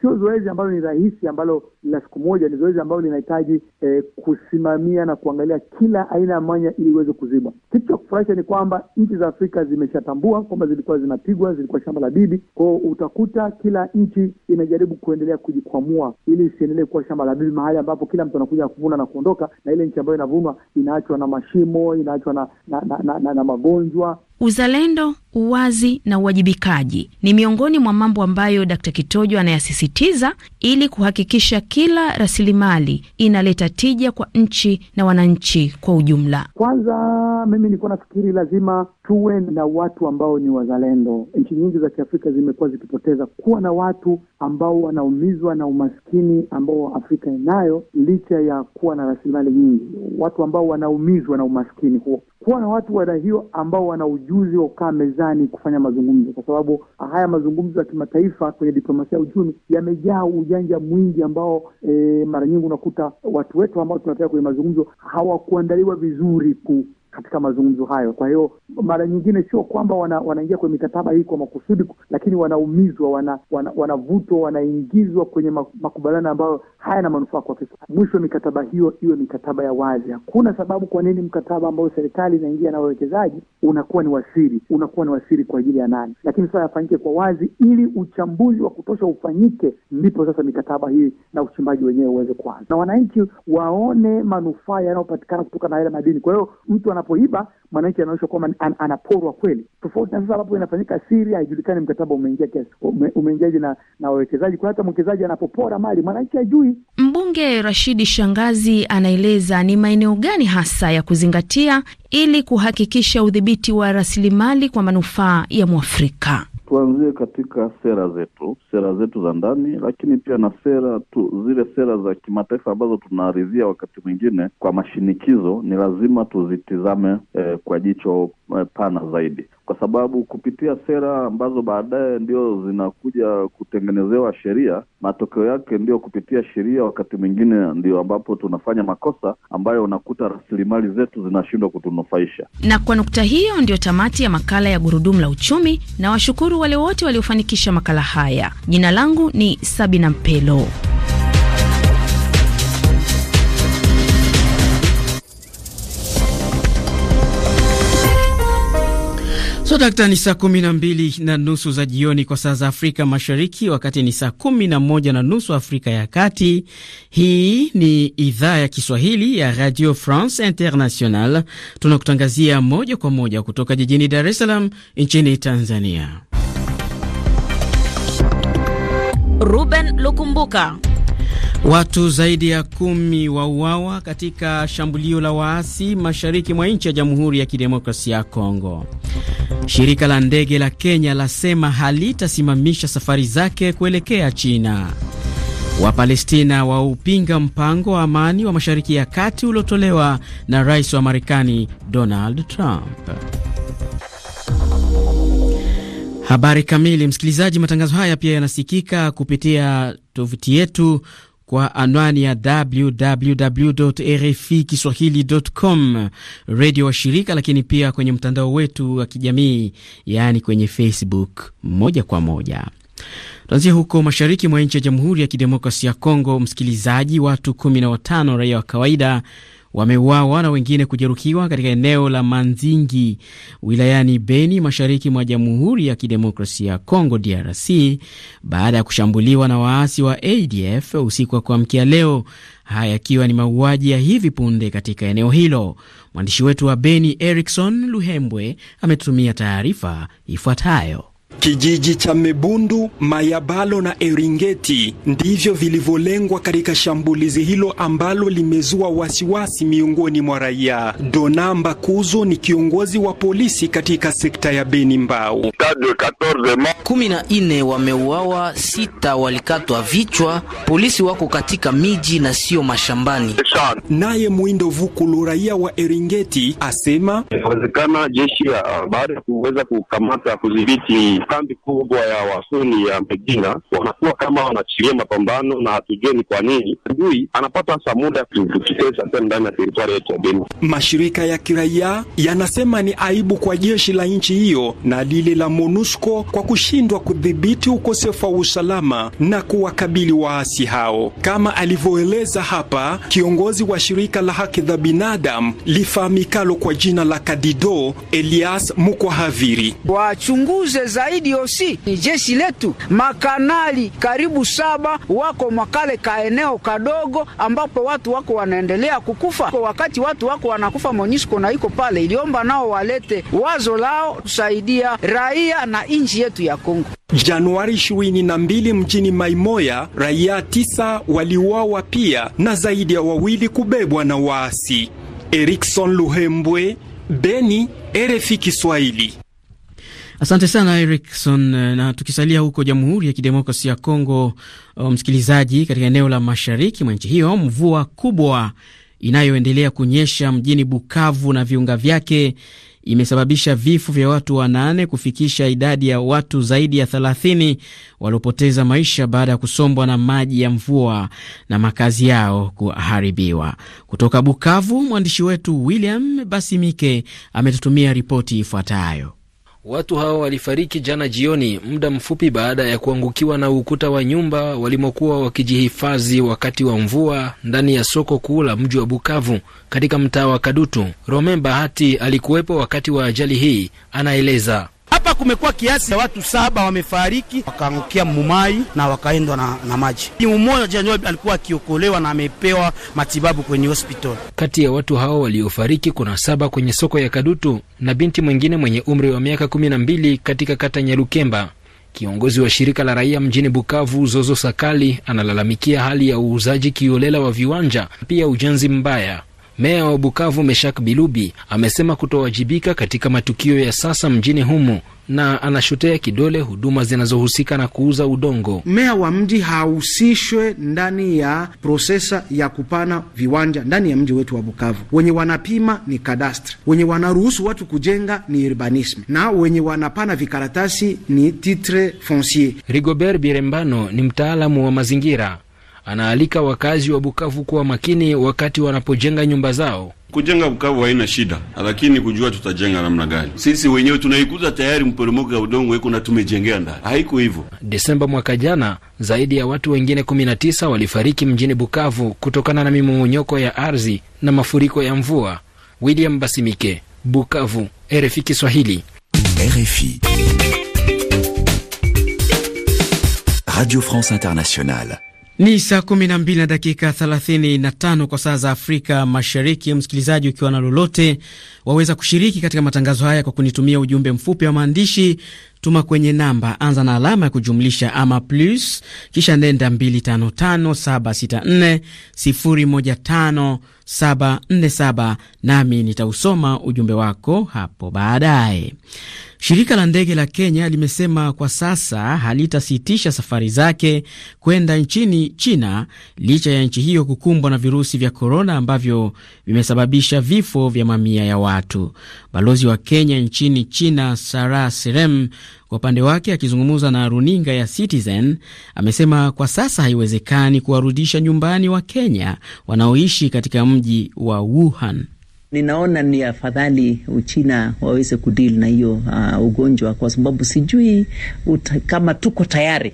Sio zoezi ambalo ni rahisi ambalo la siku moja, ni zoezi ambalo linahitaji eh, kusimamia na kuangalia kila aina ya mwanya ili iweze kuzibwa. Kitu cha kufurahisha ni kwamba nchi za Afrika zimeshatambua kwamba zilikuwa zinapigwa, zilikuwa shamba la bibi kwao. Utakuta kila nchi inajaribu kuendelea kujikwamua ili isiendelee kuwa shamba la bibi, mahali ambapo kila mtu anakuja kuvuna na kuondoka, na ile nchi ambayo inavunwa inaachwa na mashimo, inaachwa na, na, na, na, na, na magonjwa. Uzalendo uwazi na uwajibikaji ni miongoni mwa mambo ambayo Dkt. Kitojo anayasisitiza ili kuhakikisha kila rasilimali inaleta tija kwa nchi na wananchi kwa ujumla. Kwanza mimi nilikuwa nafikiri lazima tuwe na watu ambao ni wazalendo. Nchi nyingi za Kiafrika zimekuwa zikipoteza kuwa na watu ambao wanaumizwa na umaskini ambao Afrika inayo licha ya kuwa na rasilimali nyingi, watu ambao wanaumizwa na umaskini huo, kuwa na watu wada hiyo ambao wana ujuzi wa kukaa mezani mezani kufanya mazungumzo, kwa sababu haya mazungumzo ya kimataifa kwenye diplomasia ya uchumi yamejaa ujanja mwingi ambao e, mara nyingi unakuta watu wetu ambao tunataka kwenye mazungumzo hawakuandaliwa vizuri ku katika mazungumzo hayo. Kwa hiyo mara nyingine sio kwamba wana, wanaingia kwenye mikataba hii kwa makusudi, lakini wanaumizwa, wanavutwa, wana, wanaingizwa kwenye makubaliano ambayo hayana manufaa kwa Afrika. Mwisho mikataba hiyo iwe mikataba ya wazi. Hakuna sababu kwa nini mkataba ambao serikali inaingia na wawekezaji unakuwa ni wasiri, unakuwa ni wasiri kwa ajili ya nani? Lakini sasa yafanyike kwa wazi, ili uchambuzi wa kutosha ufanyike, ndipo sasa mikataba hii na uchimbaji wenyewe uweze kuanza na wananchi waone manufaa yanayopatikana kutoka na yale madini. Kwa hiyo mtu ana anapoiba mwananchi anaonyesha kwamba an, anaporwa kweli, tofauti na sasa ambapo inafanyika siri, haijulikani mkataba umeingia kiasi umeingiaje na na wawekezaji. Kwa hata mwekezaji anapopora mali mwananchi ajui Mbunge Rashidi Shangazi anaeleza ni maeneo gani hasa ya kuzingatia ili kuhakikisha udhibiti wa rasilimali kwa manufaa ya Mwafrika tuanzie katika sera zetu, sera zetu za ndani, lakini pia na sera tu, zile sera za kimataifa ambazo tunaaridhia wakati mwingine kwa mashinikizo, ni lazima tuzitizame eh, kwa jicho Eh, pana zaidi, kwa sababu kupitia sera ambazo baadaye ndio zinakuja kutengenezewa sheria, matokeo yake ndio kupitia sheria, wakati mwingine ndio ambapo tunafanya makosa ambayo unakuta rasilimali zetu zinashindwa kutunufaisha. Na kwa nukta hiyo ndio tamati ya makala ya Gurudumu la Uchumi, na washukuru wale wote waliofanikisha makala haya. Jina langu ni Sabina Mpelo. So dakta, ni saa kumi na mbili na nusu za jioni kwa saa za Afrika Mashariki, wakati ni saa kumi na moja na nusu Afrika ya Kati. Hii ni idhaa ya Kiswahili ya Radio France International, tunakutangazia moja kwa moja kutoka jijini Dar es Salaam nchini Tanzania. Ruben Lukumbuka Watu zaidi ya kumi wauawa katika shambulio la waasi mashariki mwa nchi ya Jamhuri ya Kidemokrasia ya Kongo. Shirika la ndege la Kenya lasema halitasimamisha safari zake kuelekea China. Wapalestina waupinga mpango wa amani wa Mashariki ya Kati uliotolewa na rais wa Marekani Donald Trump. Habari kamili, msikilizaji. Matangazo haya pia yanasikika kupitia tovuti yetu kwa anwani ya www RFI kiswahilicom, redio wa shirika, lakini pia kwenye mtandao wetu wa kijamii, yaani kwenye Facebook moja kwa moja. Tuanzia huko mashariki mwa nchi ya Jamhuri ya Kidemokrasia ya Kongo, msikilizaji, watu 15 raia wa kawaida wameuawa na wengine kujeruhiwa katika eneo la Manzingi wilayani Beni, mashariki mwa Jamhuri ya Kidemokrasia ya congo DRC, baada ya kushambuliwa na waasi wa ADF usiku wa kuamkia leo, haya yakiwa ni mauaji ya hivi punde katika eneo hilo. Mwandishi wetu wa Beni, Erikson Luhembwe, ametutumia taarifa ifuatayo. Kijiji cha Mebundu, Mayabalo na Eringeti ndivyo vilivyolengwa katika shambulizi hilo ambalo limezua wasiwasi miongoni mwa raia. Dona Mbakuzo ni kiongozi wa polisi katika sekta ya Beni Mbau. kumi na nne wameuawa, sita walikatwa vichwa. Polisi wako katika miji na sio mashambani. Naye Mwindo Vukulu, raia wa Eringeti, asema inawezekana jeshi baada ya kuweza kukamata kudhibiti kambi kubwa ya wasuni ya Mbeginga, wanakuwa kama wanachilia mapambano na hatujue ni kwa nini adui anapata hasa muda ya kututesa tena ndani ya teritwari yetu ya Beni. Mashirika ya kiraia yanasema ni aibu kwa jeshi la nchi hiyo na lile la MONUSCO kwa kushindwa kudhibiti ukosefu wa usalama na kuwakabili waasi hao, kama alivyoeleza hapa kiongozi wa shirika la haki za binadamu lifahamikalo kwa jina la Kadido Elias Mukwahaviri. Wachunguze zaidi IDOC ni jeshi letu. Makanali karibu saba wako makale eneo kadogo ambapo watu wako wanaendelea kukufa. Kwa wakati watu wako wanakufa, MONUSCO na iko pale, iliomba nao walete wazo lao kusaidia raia na nchi yetu ya Kongo. Januari 22 mjini Maimoya raia tisa waliuawa pia na zaidi ya wawili kubebwa na waasi. Erikson Luhembwe, Beni, RFI Kiswahili. Asante sana Erikson. Eh, na tukisalia huko Jamhuri ya Kidemokrasia ya Kongo, oh, msikilizaji, katika eneo la mashariki mwa nchi hiyo, mvua kubwa inayoendelea kunyesha mjini Bukavu na viunga vyake imesababisha vifo vya watu wanane kufikisha idadi ya watu zaidi ya 30 waliopoteza maisha baada ya kusombwa na maji ya mvua na makazi yao kuharibiwa. Kutoka Bukavu, mwandishi wetu William Basimike ametutumia ripoti ifuatayo. Watu hao walifariki jana jioni, muda mfupi baada ya kuangukiwa na ukuta wa nyumba walimokuwa wakijihifadhi wakati wa mvua ndani ya soko kuu la mji wa Bukavu katika mtaa wa Kadutu. Romain Bahati alikuwepo wakati wa ajali hii, anaeleza hapa kumekuwa kiasi ya watu saba wamefariki, wakaangukia mumai na wakaendwa na, na maji. Mmoja jana alikuwa akiokolewa na amepewa matibabu kwenye hospitali. Kati ya watu hao waliofariki kuna saba kwenye soko ya Kadutu na binti mwingine mwenye umri wa miaka kumi na mbili katika kata nyarukemba Kiongozi wa shirika la raia mjini Bukavu, Zozo Sakali, analalamikia hali ya uuzaji kiolela wa viwanja, pia ujenzi mbaya. Meya wa Bukavu Meshak Bilubi amesema kutowajibika katika matukio ya sasa mjini humo na anashotea kidole huduma zinazohusika na kuuza udongo. Meya wa mji hahusishwe ndani ya prosesa ya kupana viwanja ndani ya mji wetu wa Bukavu. Wenye wanapima ni kadastre, wenye wanaruhusu watu kujenga ni urbanisme, na wenye wanapana vikaratasi ni titre foncier. Rigobert Birembano ni mtaalamu wa mazingira anaalika wakazi wa Bukavu kuwa makini wakati wanapojenga nyumba zao. Kujenga Bukavu haina shida, lakini kujua tutajenga namna gani. Sisi wenyewe tunaikuza tayari, mporomoko ya udongo iko na tumejengea ndani, haiko hivyo. Desemba mwaka jana, zaidi ya watu wengine 19 walifariki mjini Bukavu kutokana na mimomonyoko ya ardhi na mafuriko ya mvua. William Basimike, Bukavu, RFI Kiswahili. RFI Radio France Internationale. Ni saa kumi na mbili na dakika thelathini na tano kwa saa za Afrika Mashariki. Msikilizaji, ukiwa na lolote, waweza kushiriki katika matangazo haya kwa kunitumia ujumbe mfupi wa maandishi. Tuma kwenye namba, anza na alama ya kujumlisha ama plus, kisha nenda 255764015747 nami nitausoma ujumbe wako hapo baadaye. Shirika la ndege la Kenya limesema kwa sasa halitasitisha safari zake kwenda nchini China licha ya nchi hiyo kukumbwa na virusi vya korona ambavyo vimesababisha vifo vya mamia ya watu. Balozi wa Kenya nchini China Sara Serem kwa upande wake akizungumza na runinga ya Citizen amesema kwa sasa haiwezekani kuwarudisha nyumbani wa Kenya wanaoishi katika mji wa Wuhan ninaona ni afadhali Uchina waweze kudil na hiyo uh, ugonjwa kwa sababu sijui uta, kama tuko tayari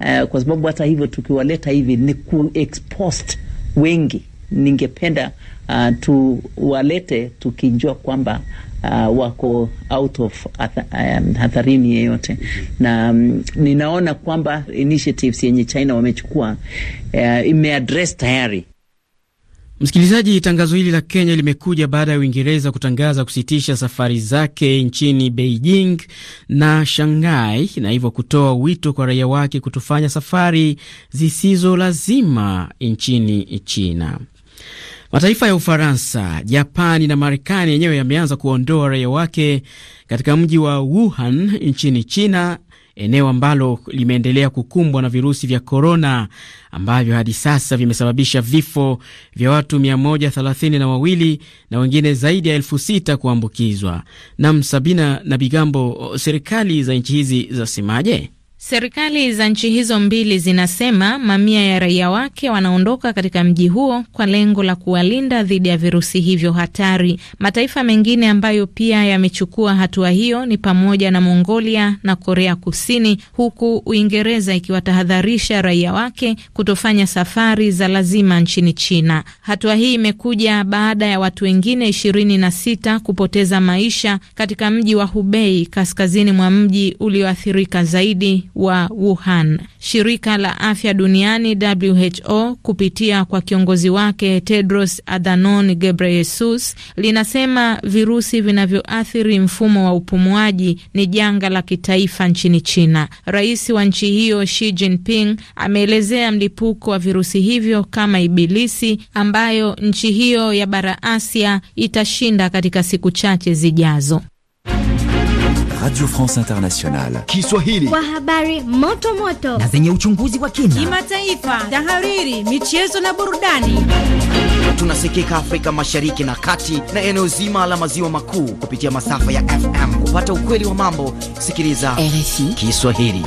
uh, kwa sababu hata hivyo tukiwaleta hivi ni kuexposed wengi. Ningependa uh, tuwalete tukijua kwamba uh, wako out of um, hatharini um, yeyote na um, ninaona kwamba initiatives yenye China wamechukua uh, imeaddress tayari Msikilizaji, tangazo hili la Kenya limekuja baada ya Uingereza kutangaza kusitisha safari zake nchini Beijing na Shanghai, na hivyo kutoa wito kwa raia wake kutofanya safari zisizo lazima nchini China. Mataifa ya Ufaransa, Japani na Marekani yenyewe yameanza kuondoa raia wake katika mji wa Wuhan nchini China eneo ambalo limeendelea kukumbwa na virusi vya korona ambavyo hadi sasa vimesababisha vifo vya watu mia na wawili na wengine zaidi ya elfu sita kuambukizwa. Nam Sabina na Bigambo, serikali za nchi hizi zasemaje? Serikali za nchi hizo mbili zinasema mamia ya raia wake wanaondoka katika mji huo kwa lengo la kuwalinda dhidi ya virusi hivyo hatari. Mataifa mengine ambayo pia yamechukua hatua hiyo ni pamoja na Mongolia na Korea Kusini, huku Uingereza ikiwatahadharisha raia wake kutofanya safari za lazima nchini China. Hatua hii imekuja baada ya watu wengine ishirini na sita kupoteza maisha katika mji wa Hubei, kaskazini mwa mji ulioathirika zaidi wa Wuhan. Shirika la Afya Duniani WHO kupitia kwa kiongozi wake Tedros Adhanom Ghebreyesus linasema virusi vinavyoathiri mfumo wa upumuaji ni janga la kitaifa nchini China. Rais wa nchi hiyo Xi Jinping ameelezea mlipuko wa virusi hivyo kama ibilisi ambayo nchi hiyo ya bara Asia itashinda katika siku chache zijazo. Radio France Internationale. Kiswahili. Kwa habari moto moto na zenye uchunguzi wa kina, kimataifa, tahariri, michezo na burudani. Tunasikika Afrika Mashariki na Kati na eneo zima la maziwa makuu kupitia masafa ya FM. Kupata ukweli wa mambo, sikiliza RFI Kiswahili.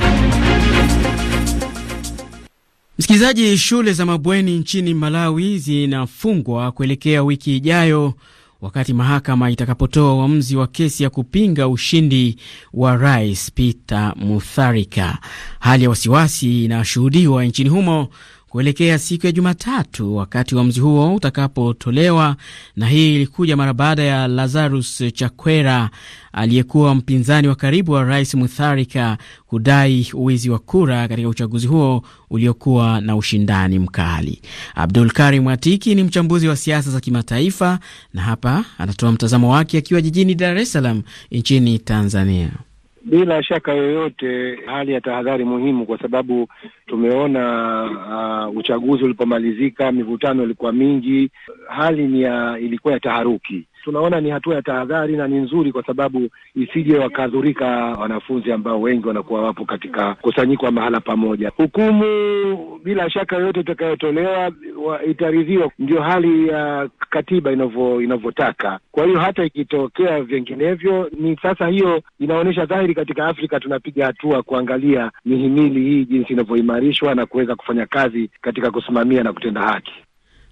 Msikilizaji, shule za mabweni nchini Malawi zinafungwa kuelekea wiki ijayo wakati mahakama itakapotoa uamuzi wa kesi ya kupinga ushindi wa Rais Peter Mutharika. Hali ya wasiwasi inashuhudiwa nchini humo kuelekea siku ya Jumatatu wakati uamuzi huo utakapotolewa, na hii ilikuja mara baada ya Lazarus Chakwera aliyekuwa mpinzani wa karibu wa Rais Mutharika kudai uwizi wa kura katika uchaguzi huo uliokuwa na ushindani mkali. Abdul Karim Atiki ni mchambuzi wa siasa za kimataifa na hapa anatoa mtazamo wake akiwa jijini Dar es Salaam nchini Tanzania. Bila shaka yoyote, hali ya tahadhari muhimu, kwa sababu tumeona uh, uchaguzi ulipomalizika, mivutano ilikuwa mingi, hali ni ya ilikuwa ya taharuki tunaona ni hatua ya tahadhari na ni nzuri, kwa sababu isije wakadhurika wanafunzi ambao wengi wanakuwa wapo katika kusanyikwa mahala pamoja. Hukumu bila shaka yoyote itakayotolewa itaridhiwa, ndio hali ya uh, katiba inavyotaka. Kwa hiyo hata ikitokea vinginevyo, ni sasa, hiyo inaonyesha dhahiri katika Afrika tunapiga hatua kuangalia mihimili hii jinsi inavyoimarishwa na kuweza kufanya kazi katika kusimamia na kutenda haki.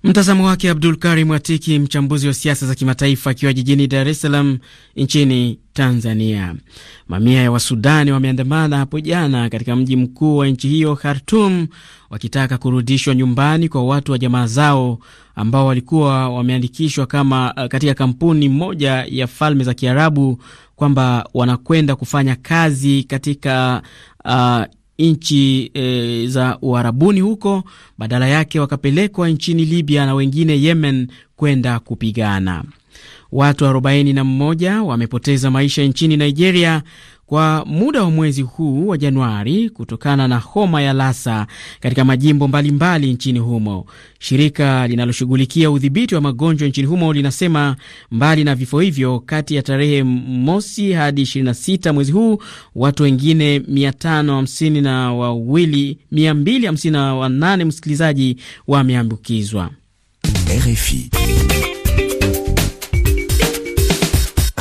Mtazamo wake Abdul Karim Atiki, mchambuzi wa siasa za kimataifa, akiwa jijini Dar es Salaam nchini Tanzania. Mamia ya Wasudani wameandamana hapo jana katika mji mkuu wa nchi hiyo Khartum, wakitaka kurudishwa nyumbani kwa watu wa jamaa zao ambao walikuwa wameandikishwa kama eh, katika kampuni moja ya Falme za Kiarabu kwamba wanakwenda kufanya kazi katika uh, nchi e, za uharabuni huko, badala yake wakapelekwa nchini Libya na wengine Yemen kwenda kupigana. Watu 41 wamepoteza maisha nchini Nigeria kwa muda wa mwezi huu wa Januari kutokana na homa ya Lassa katika majimbo mbalimbali mbali nchini humo. Shirika linaloshughulikia udhibiti wa magonjwa nchini humo linasema mbali na vifo hivyo, kati ya tarehe mosi hadi 26 mwezi huu watu wengine 258 msikilizaji wameambukizwa. RFI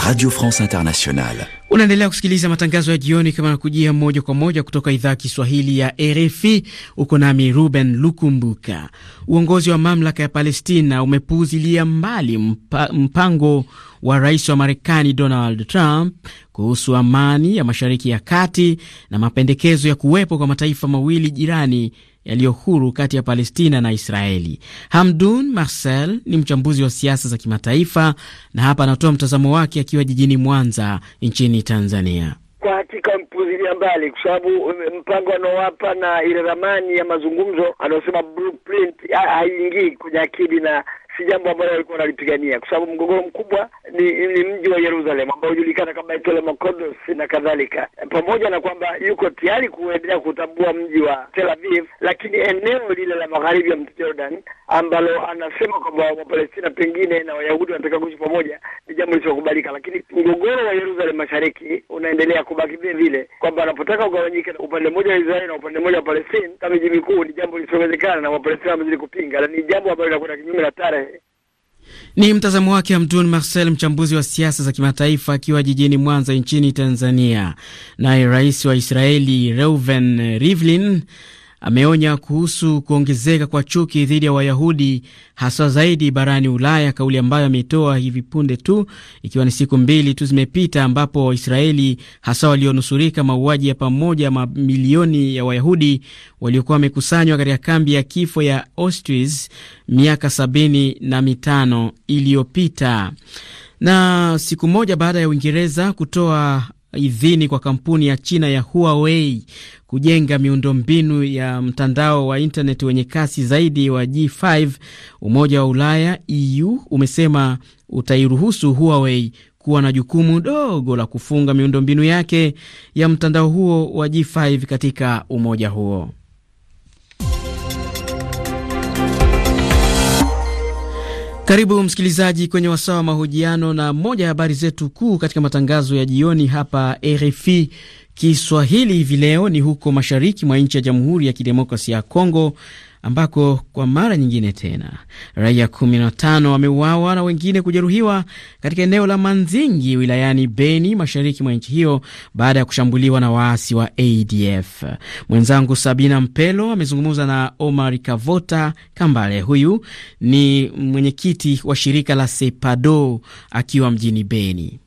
Radio France Internationale. Unaendelea kusikiliza matangazo ya jioni kama nakujia moja kwa moja kutoka idhaa ya Kiswahili ya RFI. Uko nami Ruben Lukumbuka. Uongozi wa mamlaka ya Palestina umepuuzilia mbali mpa, mpango wa rais wa Marekani Donald Trump kuhusu amani ya Mashariki ya Kati na mapendekezo ya kuwepo kwa mataifa mawili jirani yaliyo huru kati ya Palestina na Israeli. Hamdun Marcel ni mchambuzi wa siasa za kimataifa na hapa anatoa mtazamo wake akiwa jijini Mwanza nchini Tanzania. Kwa hakika mpuzilia mbali, kwa sababu um, mpango anaowapa na ile ramani ya mazungumzo anaosema blueprint haiingii kwenye akili na si jambo ambalo walikuwa wanalipigania, kwa sababu mgogoro mkubwa ni, ni mji wa Yerusalemu ambao hujulikana kama Ptolemaikodos na kadhalika, pamoja na kwamba yuko tayari kuendelea kutambua mji wa Tel Aviv, lakini eneo lile la magharibi ya mto Jordan ambalo anasema kwamba Wapalestina pengine na Wayahudi wanataka kuishi pamoja ni jambo lisilokubalika. Lakini mgogoro wa Yerusalemu mashariki unaendelea kubaki vile vile, kwamba anapotaka ugawanyike na upande mmoja wa Israeli na upande mmoja wa Palestina kama miji mikuu, ni jambo lisiowezekana, na Wapalestina wamezidi kupinga, na ni jambo ambalo linakwenda kinyume na tarehe ni mtazamo wake amdun Marcel, mchambuzi wa siasa za kimataifa akiwa jijini Mwanza nchini Tanzania. Naye rais wa Israeli Reuven Rivlin ameonya kuhusu kuongezeka kwa chuki dhidi ya Wayahudi haswa zaidi barani Ulaya, kauli ambayo ameitoa hivi punde tu ikiwa ni siku mbili tu zimepita, ambapo Waisraeli hasa walionusurika mauaji ya pamoja mamilioni ya Wayahudi waliokuwa wamekusanywa katika kambi ya kifo ya Auschwitz miaka sabini na mitano iliyopita na siku moja baada ya Uingereza kutoa idhini kwa kampuni ya China ya Huawei kujenga miundombinu ya mtandao wa intaneti wenye kasi zaidi wa G5. Umoja wa Ulaya EU umesema utairuhusu Huawei kuwa na jukumu dogo la kufunga miundombinu yake ya mtandao huo wa G5 katika umoja huo. Karibu msikilizaji kwenye wasaa wa mahojiano, na moja ya habari zetu kuu katika matangazo ya jioni hapa RFI Kiswahili hivi leo ni huko mashariki mwa nchi ya Jamhuri ya Kidemokrasia ya Kongo ambako kwa mara nyingine tena raia 15 wameuawa na wengine kujeruhiwa katika eneo la Manzingi wilayani Beni, mashariki mwa nchi hiyo baada ya kushambuliwa na waasi wa ADF. Mwenzangu Sabina Mpelo amezungumza na Omar Kavota Kambale, huyu ni mwenyekiti wa shirika la Sepado akiwa mjini Beni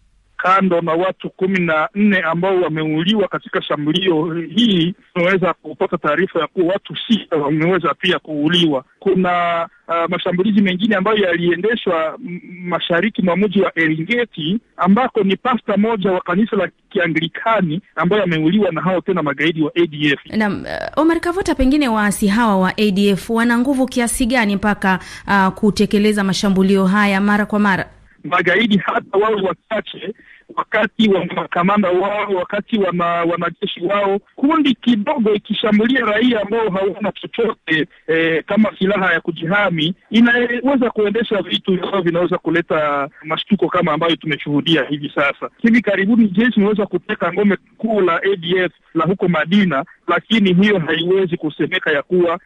kando na watu kumi na nne ambao wameuliwa katika shambulio hii, tumeweza kupata taarifa ya kuwa watu sita wameweza pia kuuliwa. Kuna uh, mashambulizi mengine ambayo yaliendeshwa mashariki mwa mji wa Eringeti ambako ni pasta moja wa kanisa la Kianglikani ambayo ameuliwa na hao tena magaidi wa ADF. uh, Omar Kavota, pengine waasi hawa wa ADF wana nguvu kiasi gani mpaka uh, kutekeleza mashambulio haya mara kwa mara? magaidi hata wao wachache, wakati wa makamanda wao, wakati wa, ma, wa majeshi wao, kundi kidogo ikishambulia raia ambao hawana chochote eh, kama silaha ya kujihami, inaweza kuendesha vitu ambavyo vinaweza kuleta mashtuko kama ambayo tumeshuhudia hivi sasa. Hivi karibuni jeshi imeweza kuteka ngome kuu la ADF la huko Madina, lakini hiyo haiwezi kusemeka ya kuwa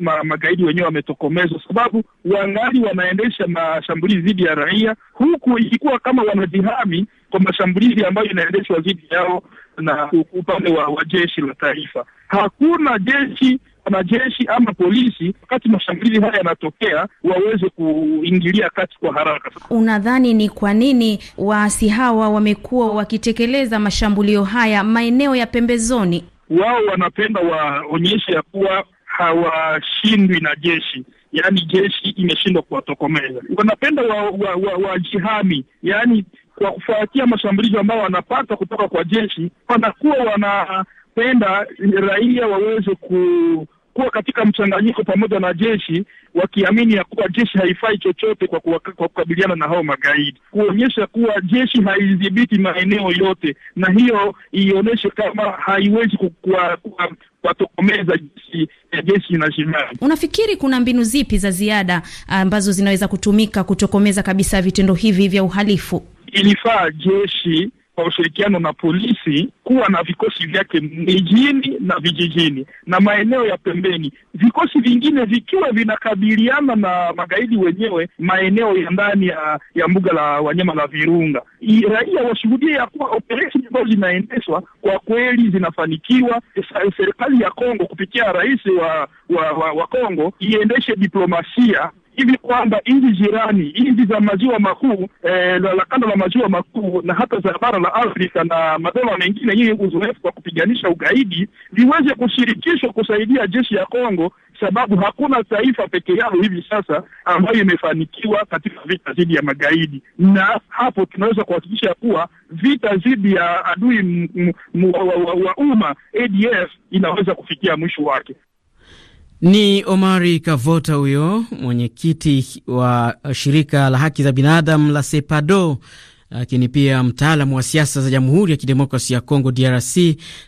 ma, magaidi wenyewe wametokomezwa, sababu wangali wanaendesha mashambulizi dhidi ya raia huku ilikuwa kama wanajihami kwa mashambulizi ambayo inaendeshwa dhidi yao na upande wa, wa jeshi la taifa. Hakuna jeshi wanajeshi ama polisi, wakati mashambulizi haya yanatokea, waweze kuingilia kati kwa haraka. Unadhani ni kwa nini waasi hawa wamekuwa wakitekeleza mashambulio haya maeneo ya pembezoni? Wao wanapenda waonyeshe ya kuwa hawashindwi na jeshi yaani jeshi imeshindwa kuwatokomeza. Wanapenda wajihami wa, wa, wa yaani kwa kufuatia mashambulizi ambayo wanapata kutoka kwa jeshi, wanakuwa wanapenda raia waweze ku wamekuwa katika mchanganyiko pamoja na jeshi, wakiamini ya kuwa jeshi haifai chochote kwa, kwa kukabiliana na hao magaidi, kuonyesha kuwa jeshi haidhibiti maeneo yote, na hiyo ionyeshe kama haiwezi kukua watokomeza jeshi ya eh, jeshi na shimani. Unafikiri kuna mbinu zipi za ziada ah, ambazo zinaweza kutumika kutokomeza kabisa vitendo hivi vya uhalifu? Ilifaa jeshi kwa ushirikiano na polisi kuwa na vikosi vyake mijini na vijijini na maeneo ya pembeni, vikosi vingine vikiwa vinakabiliana na magaidi wenyewe maeneo ya ndani ya, ya mbuga la wanyama la Virunga. Raia washuhudia ya kuwa operesheni ambazo zinaendeshwa kwa kweli zinafanikiwa. Serikali ya Kongo kupitia rais wa wa, wa, wa Kongo iendeshe diplomasia hivi kwamba nchi jirani, nchi za maziwa makuu eh, la kanda la maziwa makuu na hata za bara la Afrika na madola mengine yenye uzoefu kwa kupiganisha ugaidi liweze kushirikishwa kusaidia jeshi ya Kongo, sababu hakuna taifa peke yao hivi sasa ambayo imefanikiwa katika vita dhidi ya magaidi, na hapo tunaweza kuhakikisha kuwa vita dhidi ya adui wa umma ADF inaweza kufikia mwisho wake. Ni Omari Kavota huyo mwenyekiti wa shirika la haki za binadamu la Sepado, lakini pia mtaalamu wa siasa za Jamhuri ya kidemokrasi ya Kongo DRC,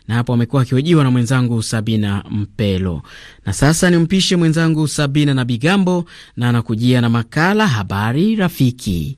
na hapo amekuwa akihojiwa na mwenzangu Sabina Mpelo. Na sasa nimpishe mwenzangu Sabina na Bigambo, na anakujia na makala Habari Rafiki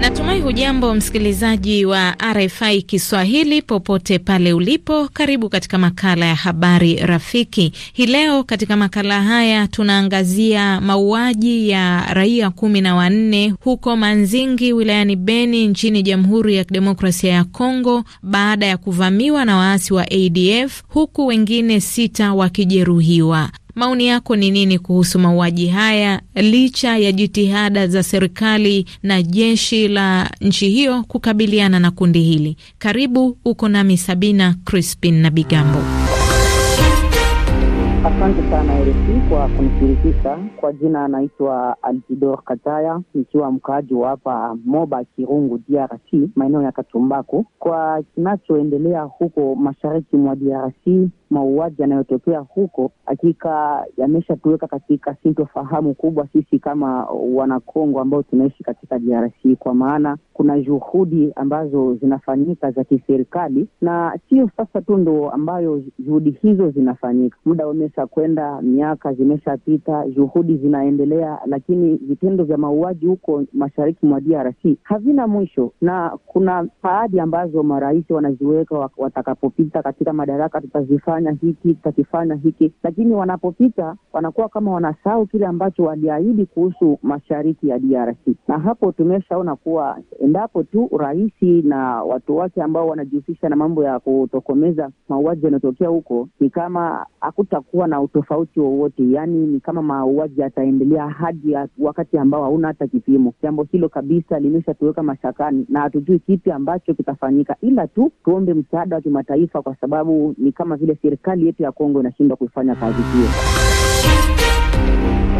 Natumai hujambo msikilizaji wa RFI Kiswahili popote pale ulipo. Karibu katika makala ya habari rafiki. Hii leo katika makala haya tunaangazia mauaji ya raia kumi na wanne huko Manzingi wilayani Beni nchini Jamhuri ya Kidemokrasia ya Kongo baada ya kuvamiwa na waasi wa ADF huku wengine sita wakijeruhiwa. Maoni yako ni nini kuhusu mauaji haya licha ya jitihada za serikali na jeshi la nchi hiyo kukabiliana na kundi hili? Karibu, uko nami Sabina Crispin na Bigambo. Asante sana Eriki kwa kunishirikisha. Kwa jina anaitwa Altidor Kataya, nikiwa mkaaji wa hapa Moba Kirungu, DRC, maeneo ya Katumbaku. Kwa kinachoendelea huko mashariki mwa DRC, mauaji yanayotokea huko hakika yameshatuweka katika sintofahamu kubwa, sisi kama Wanakongo ambao tunaishi katika DRC, kwa maana kuna juhudi ambazo zinafanyika za kiserikali, na sio sasa tu ndo ambayo juhudi hizo zinafanyika muda ume zimeshakwenda, miaka zimeshapita, juhudi zinaendelea, lakini vitendo vya mauaji huko mashariki mwa DRC havina mwisho, na kuna ahadi ambazo marais wanaziweka watakapopita katika madaraka, tutazifanya hiki, tutakifanya hiki, lakini wanapopita wanakuwa kama wanasahau kile ambacho waliahidi kuhusu mashariki ya DRC. Na hapo tumeshaona kuwa endapo tu rais na watu wake ambao wanajihusisha na mambo ya kutokomeza mauaji yanayotokea huko, ni kama hakutakuwa kutakuwa na utofauti wowote, yaani ni kama mauaji yataendelea hadi wakati ambao hauna hata kipimo. Jambo hilo kabisa limeshatuweka mashakani na hatujui kipi ambacho kitafanyika, ila tu tuombe msaada wa kimataifa, kwa sababu ni kama vile serikali yetu ya Kongo inashindwa kufanya kazi hiyo.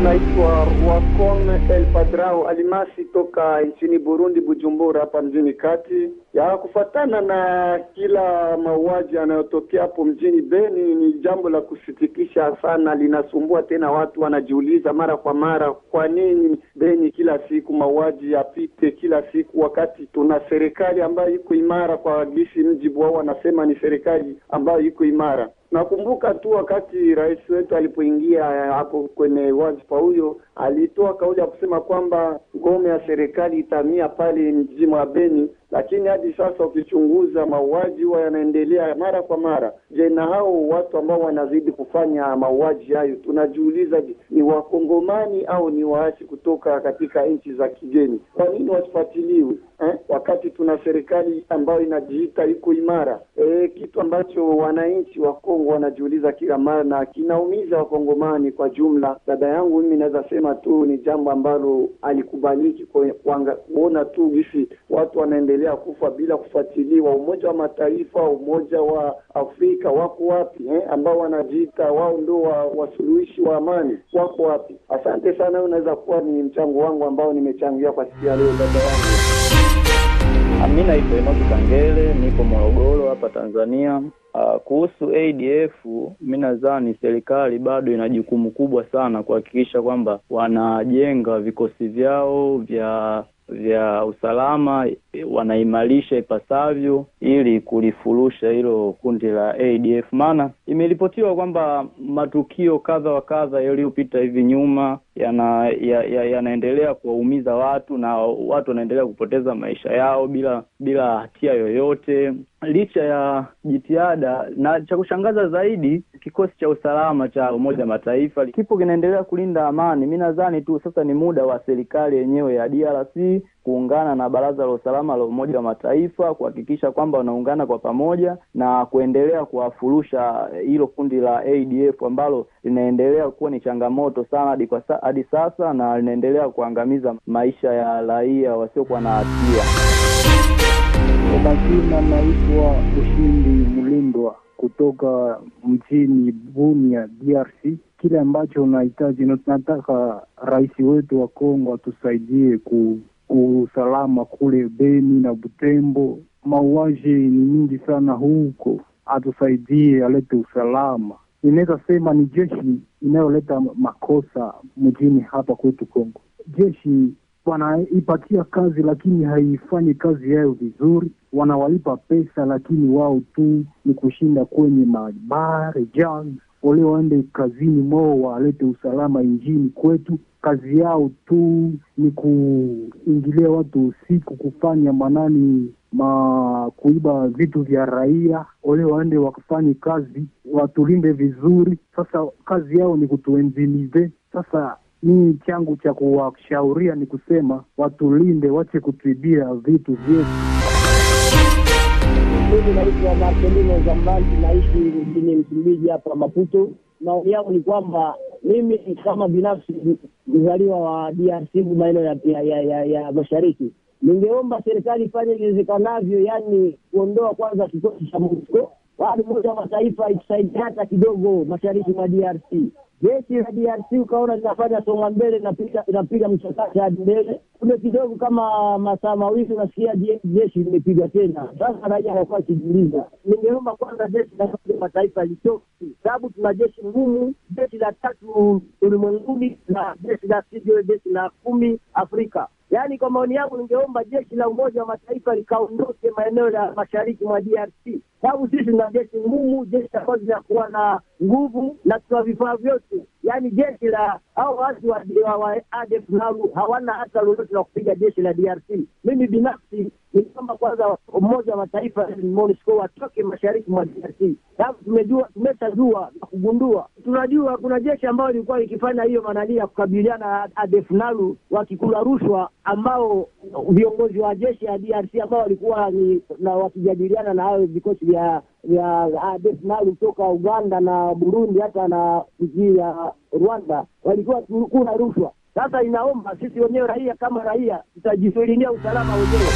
Naitwa Rwakon El Padrao Alimasi toka nchini Burundi, Bujumbura hapa mjini kati. Ya kufatana na kila mauaji yanayotokea hapo mjini Beni ni jambo la kusitikisha sana, linasumbua tena. Watu wanajiuliza mara kwa mara, kwa nini Beni kila siku mauaji yapite kila siku, wakati tuna serikali ambayo iko imara, kwa gisi mjibu wao wanasema ni serikali ambayo iko imara. Nakumbuka tu wakati rais wetu alipoingia eh, hapo kwenye wadhifa huyo, alitoa kauli ya kusema kwamba ngome ya serikali itamia pale mjini wa Beni lakini hadi sasa ukichunguza mauaji huwa yanaendelea mara kwa mara. Je, na hao watu ambao wanazidi kufanya mauaji hayo, tunajiuliza, ni wakongomani au ni waasi kutoka katika nchi za kigeni? Kwa nini wasifuatiliwe eh? Wakati tuna serikali ambayo inajiita iko imara e, kitu ambacho wananchi wa Kongo wanajiuliza kila mara na kinaumiza wakongomani kwa jumla. Dada yangu mimi naweza sema tu ni jambo ambalo alikubaliki kuona tu gisi watu wanaendelea wanaendelea kufa bila kufuatiliwa. Umoja wa Mataifa, Umoja wa Afrika wako wapi eh? ambao wanajiita wao ndio wasuluhishi wa amani wako wapi? Asante sana, unaweza kuwa ni mchango wangu ambao nimechangia kwa siku ya leo, dada wangu. Mimi naitwa Enoki Kangele, niko Morogoro hapa Tanzania. Uh, kuhusu ADF mi nadhani serikali bado ina jukumu kubwa sana kuhakikisha kwamba wanajenga vikosi vyao vya vya usalama wanaimarisha ipasavyo ili kulifurusha hilo kundi la ADF. Maana imeripotiwa kwamba matukio kadha wa kadha yaliyopita hivi nyuma yanaendelea ya, ya, ya kuwaumiza watu na watu wanaendelea kupoteza maisha yao bila bila hatia yoyote, licha ya jitihada. Na cha kushangaza zaidi, kikosi cha usalama cha Umoja Mataifa kipo kinaendelea kulinda amani. Mi nadhani tu sasa ni muda wa serikali yenyewe ya DRC kuungana na Baraza la Usalama la Umoja wa Mataifa kuhakikisha kwamba wanaungana kwa pamoja na kuendelea kuwafurusha eh, hilo kundi la ADF ambalo linaendelea kuwa ni changamoto sana hadi kwa sa, hadi sasa na linaendelea kuangamiza maisha ya raia wasiokuwa na hatia. Kwa majina naitwa Ushindi Mlindwa kutoka mjini Bunia, DRC. Kile ambacho unahitaji, tunataka rais wetu wa Kongo atusaidie ku usalama kule Beni na Butembo. Mauaji ni mingi sana huko, atusaidie alete usalama. Inaweza sema ni jeshi inayoleta makosa mjini hapa kwetu Kongo. Jeshi wanaipatia kazi lakini haifanyi kazi yayo vizuri, wanawalipa pesa lakini wao tu ni kushinda kwenye mabare jan, walioende waende kazini mwao, walete usalama injini kwetu kazi yao tu ni kuingilia watu usiku kufanya manani ma kuiba vitu vya raia, wale waende wakafanye kazi, watulinde vizuri. Sasa kazi yao ni kutuenzilize. Sasa mii changu cha kuwashauria ni kusema watulinde, wache kutuibia vitu vyetu. Mimi naitwa Marcelino Zambanti, naishi nchini Msumbiji hapa Maputo. Maoni yangu ni kwamba mimi kama binafsi mzaliwa wa DRC maeneo ya, ya, ya, ya, ya mashariki ningeomba serikali ifanye iwezekanavyo, yani kuondoa kwanza kikosi cha MONUSCO, wani Umoja wa Mataifa itusaidie hata kidogo mashariki mwa DRC jeshi la DRC ukaona linafanya songa mbele, inapiga mchakato hadi mbele kule kidogo, kama masaa mawili unasikia jeshi limepiga tena. Sasa raia hawakuwa akijiuliza. Ningeomba kwanza jeshi la Umoja Mataifa litoke, sababu tuna jeshi ngumu, jeshi la tatu ulimwenguni na jeshi la sijo, jeshi la kumi Afrika. Yaani, kwa maoni yangu, ningeomba jeshi la Umoja wa Mataifa likaondoke maeneo ya mashariki mwa DRC sababu sisi tuna jeshi ngumu, jeshi ambalo zinakuwa na nguvu na tuna vifaa vyote. Yaani jeshi la au watu wa, ADF NALU hawana hata lolote la kupiga jeshi la DRC. Mimi binafsi niomba kwanza Umoja wa Mataifa MONUSCO watoke mashariki mwa DRC, sababu tumejua, tumeshajua na kugundua, tunajua kuna jeshi ambayo ilikuwa ikifanya hiyo manani ya kukabiliana na ADF NALU wakikula rushwa, ambao viongozi wa jeshi ya DRC ambao walikuwa ni na wakijadiliana na hayo vikosi ya ya ADF ah, Nalu kutoka Uganda na Burundi hata na nchi ya Rwanda walikuwa kuna rushwa. Sasa inaomba sisi wenyewe raia kama raia tutajifilindia usalama wenyewe.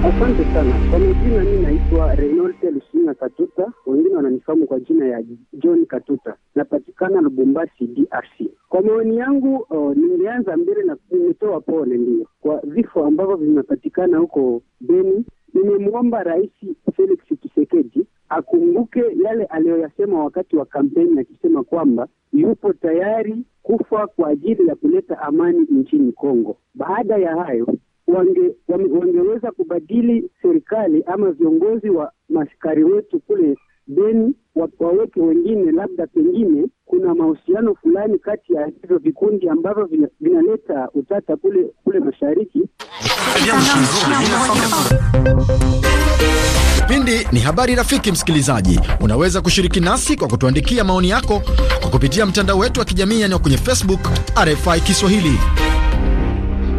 Asante sana kwa majina, mi naitwa renolte lusina Katuta, wengine wananifahamu kwa jina ya John Katuta, napatikana Lubumbashi, DRC. Kwa maoni yangu, uh, ningeanza mbele na nimetoa pole ndio kwa vifo ambavyo vimepatikana huko Beni tunamwomba Rais Felix Tshisekedi akumbuke yale aliyoyasema wakati wa kampeni, akisema kwamba yupo tayari kufa kwa ajili ya kuleta amani nchini Kongo. Baada ya hayo wange, wange, wangeweza kubadili serikali ama viongozi wa maskari wetu kule then waweke wengine, labda pengine kuna mahusiano fulani kati ya hivyo vikundi ambavyo vinaleta utata kule kule mashariki. Kipindi ni habari rafiki. Msikilizaji, unaweza kushiriki nasi kwa kutuandikia maoni yako kwa kupitia mtandao wetu wa kijamii, yani kwenye Facebook RFI Kiswahili.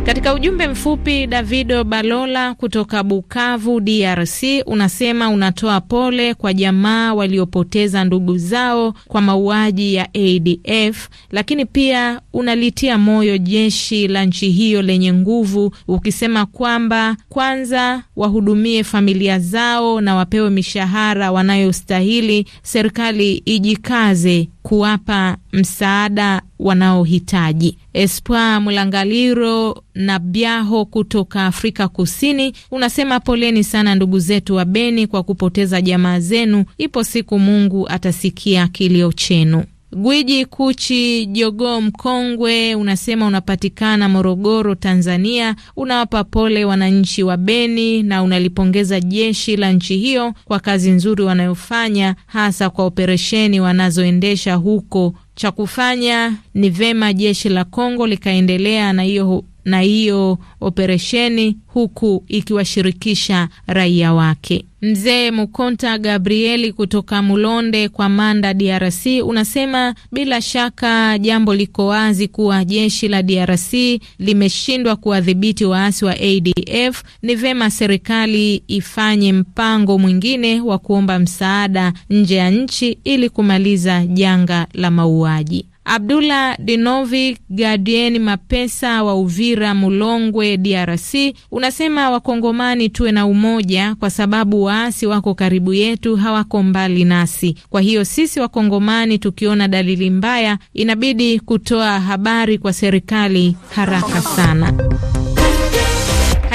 Katika ujumbe mfupi, Davido Balola kutoka Bukavu, DRC, unasema unatoa pole kwa jamaa waliopoteza ndugu zao kwa mauaji ya ADF, lakini pia unalitia moyo jeshi la nchi hiyo lenye nguvu, ukisema kwamba kwanza wahudumie familia zao na wapewe mishahara wanayostahili, serikali ijikaze kuwapa msaada wanaohitaji. Espoir Mulangaliro na Byaho kutoka Afrika Kusini unasema poleni sana ndugu zetu wa Beni kwa kupoteza jamaa zenu, ipo siku Mungu atasikia kilio chenu. Gwiji Kuchi Jogoo Mkongwe, unasema unapatikana Morogoro, Tanzania. Unawapa pole wananchi wa Beni na unalipongeza jeshi la nchi hiyo kwa kazi nzuri wanayofanya, hasa kwa operesheni wanazoendesha huko. Cha kufanya ni vema jeshi la Kongo likaendelea na hiyo na hiyo operesheni huku ikiwashirikisha raia wake. Mzee Mukonta Gabrieli kutoka Mulonde kwa Manda, DRC, unasema bila shaka jambo liko wazi kuwa jeshi la DRC limeshindwa kuwadhibiti waasi wa ADF. Ni vema serikali ifanye mpango mwingine wa kuomba msaada nje ya nchi ili kumaliza janga la mauaji. Abdullah Dinovi Gadien Mapesa wa Uvira Mulongwe, DRC unasema Wakongomani tuwe na umoja, kwa sababu waasi wako karibu yetu, hawako mbali nasi. Kwa hiyo sisi Wakongomani tukiona dalili mbaya, inabidi kutoa habari kwa serikali haraka sana.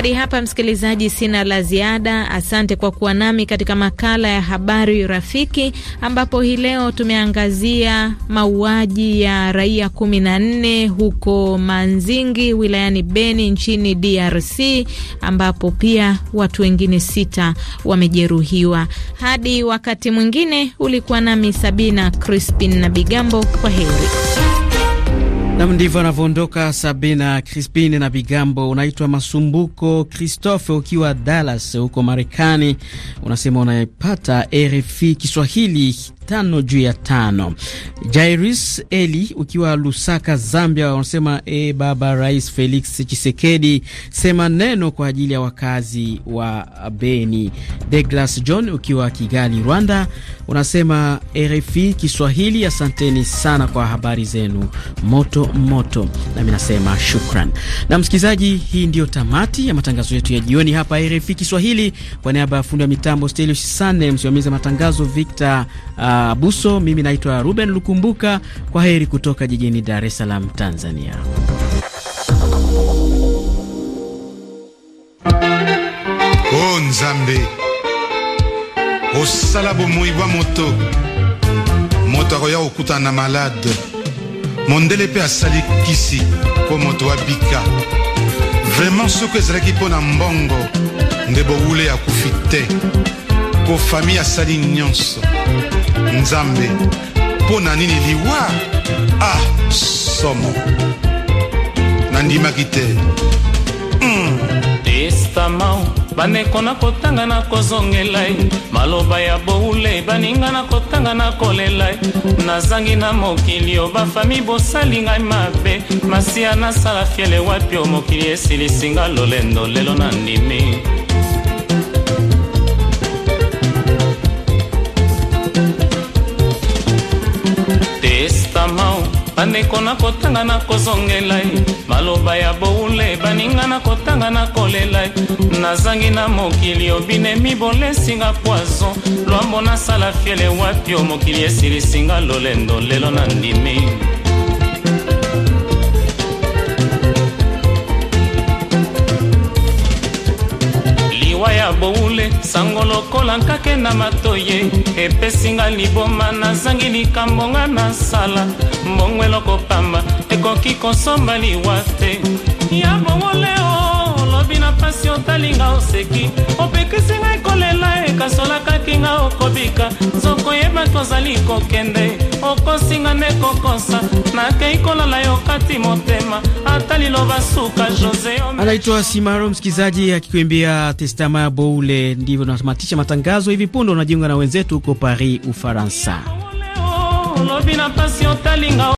Hadi hapa msikilizaji, sina la ziada. Asante kwa kuwa nami katika makala ya habari rafiki, ambapo hii leo tumeangazia mauaji ya raia kumi na nne huko Manzingi wilayani Beni nchini DRC, ambapo pia watu wengine sita wamejeruhiwa. Hadi wakati mwingine, ulikuwa nami Sabina Crispin na Bigambo. Kwa heri. Nam ndivyo anavyoondoka Sabina Crispin na Bigambo. Unaitwa Masumbuko Christophe, ukiwa Dallas huko Marekani, unasema unayepata RFI Kiswahili tano juu ya tano. Jairis Eli ukiwa Lusaka, Zambia, unasema e, Baba Rais Felix Chisekedi, sema neno kwa ajili ya wakazi wa Beni. Deglas John ukiwa Kigali, Rwanda, unasema RFI Kiswahili, asanteni sana kwa habari zenu moto moto nami nasema shukran. Na msikilizaji, hii ndiyo tamati ya matangazo yetu ya jioni hapa RFI Kiswahili. Kwa niaba ya fundi wa mitambo Stelius Sane, msimamizi wa matangazo Victor uh, Buso, mimi naitwa Ruben Lukumbuka. Kwa heri kutoka jijini Dar es Salaam, Tanzania. Oh, nzambe osala bomoi bwa moto moto akoya kokutana na malade mondele mpe asali kisi mpo moto abika vraimen soki ezalaki mpo na mbongo nde bowule akufi te kofami asali nyonso nzambe mpo na nini liwa ah somo nandimaki te mm. bandeko na kotanga na kozongela ye maloba ya boule baninga na kotanga na kolela ye nazangi na mokili o bafami bosali ngai mabe masiya nasala fiele wapi o mokili esilisinga lolendo lelo na ndimi bandeko na kotanga na kozongela ye maloba ya boule baninga na kotanga na kolela ye nazangi na mokili obinemi bolesinga poison lwambo nasala fiele wapi yo mokili esilisinga lolendo lelo na ndimi ya boule sango lokola nkake na matoye epesinga liboma nazangi likambo nga nasala mbongo eloko pamba ekoki kosomba liwa te ya bongoleo oh. mwasi otalinga oseki opekisinga ekolela ekasolakakinga okobika soko yeba tozali kokende okosinga nde kokosa nakei kolala yo kati motema ata liloba suka jose anaitwa simaro msikilizaji akikuimbia testama ya boule ndivyo natamatisha matangazo hivi pundo unajiunga na wenzetu huko paris ufaransa lobi na pasi otalinga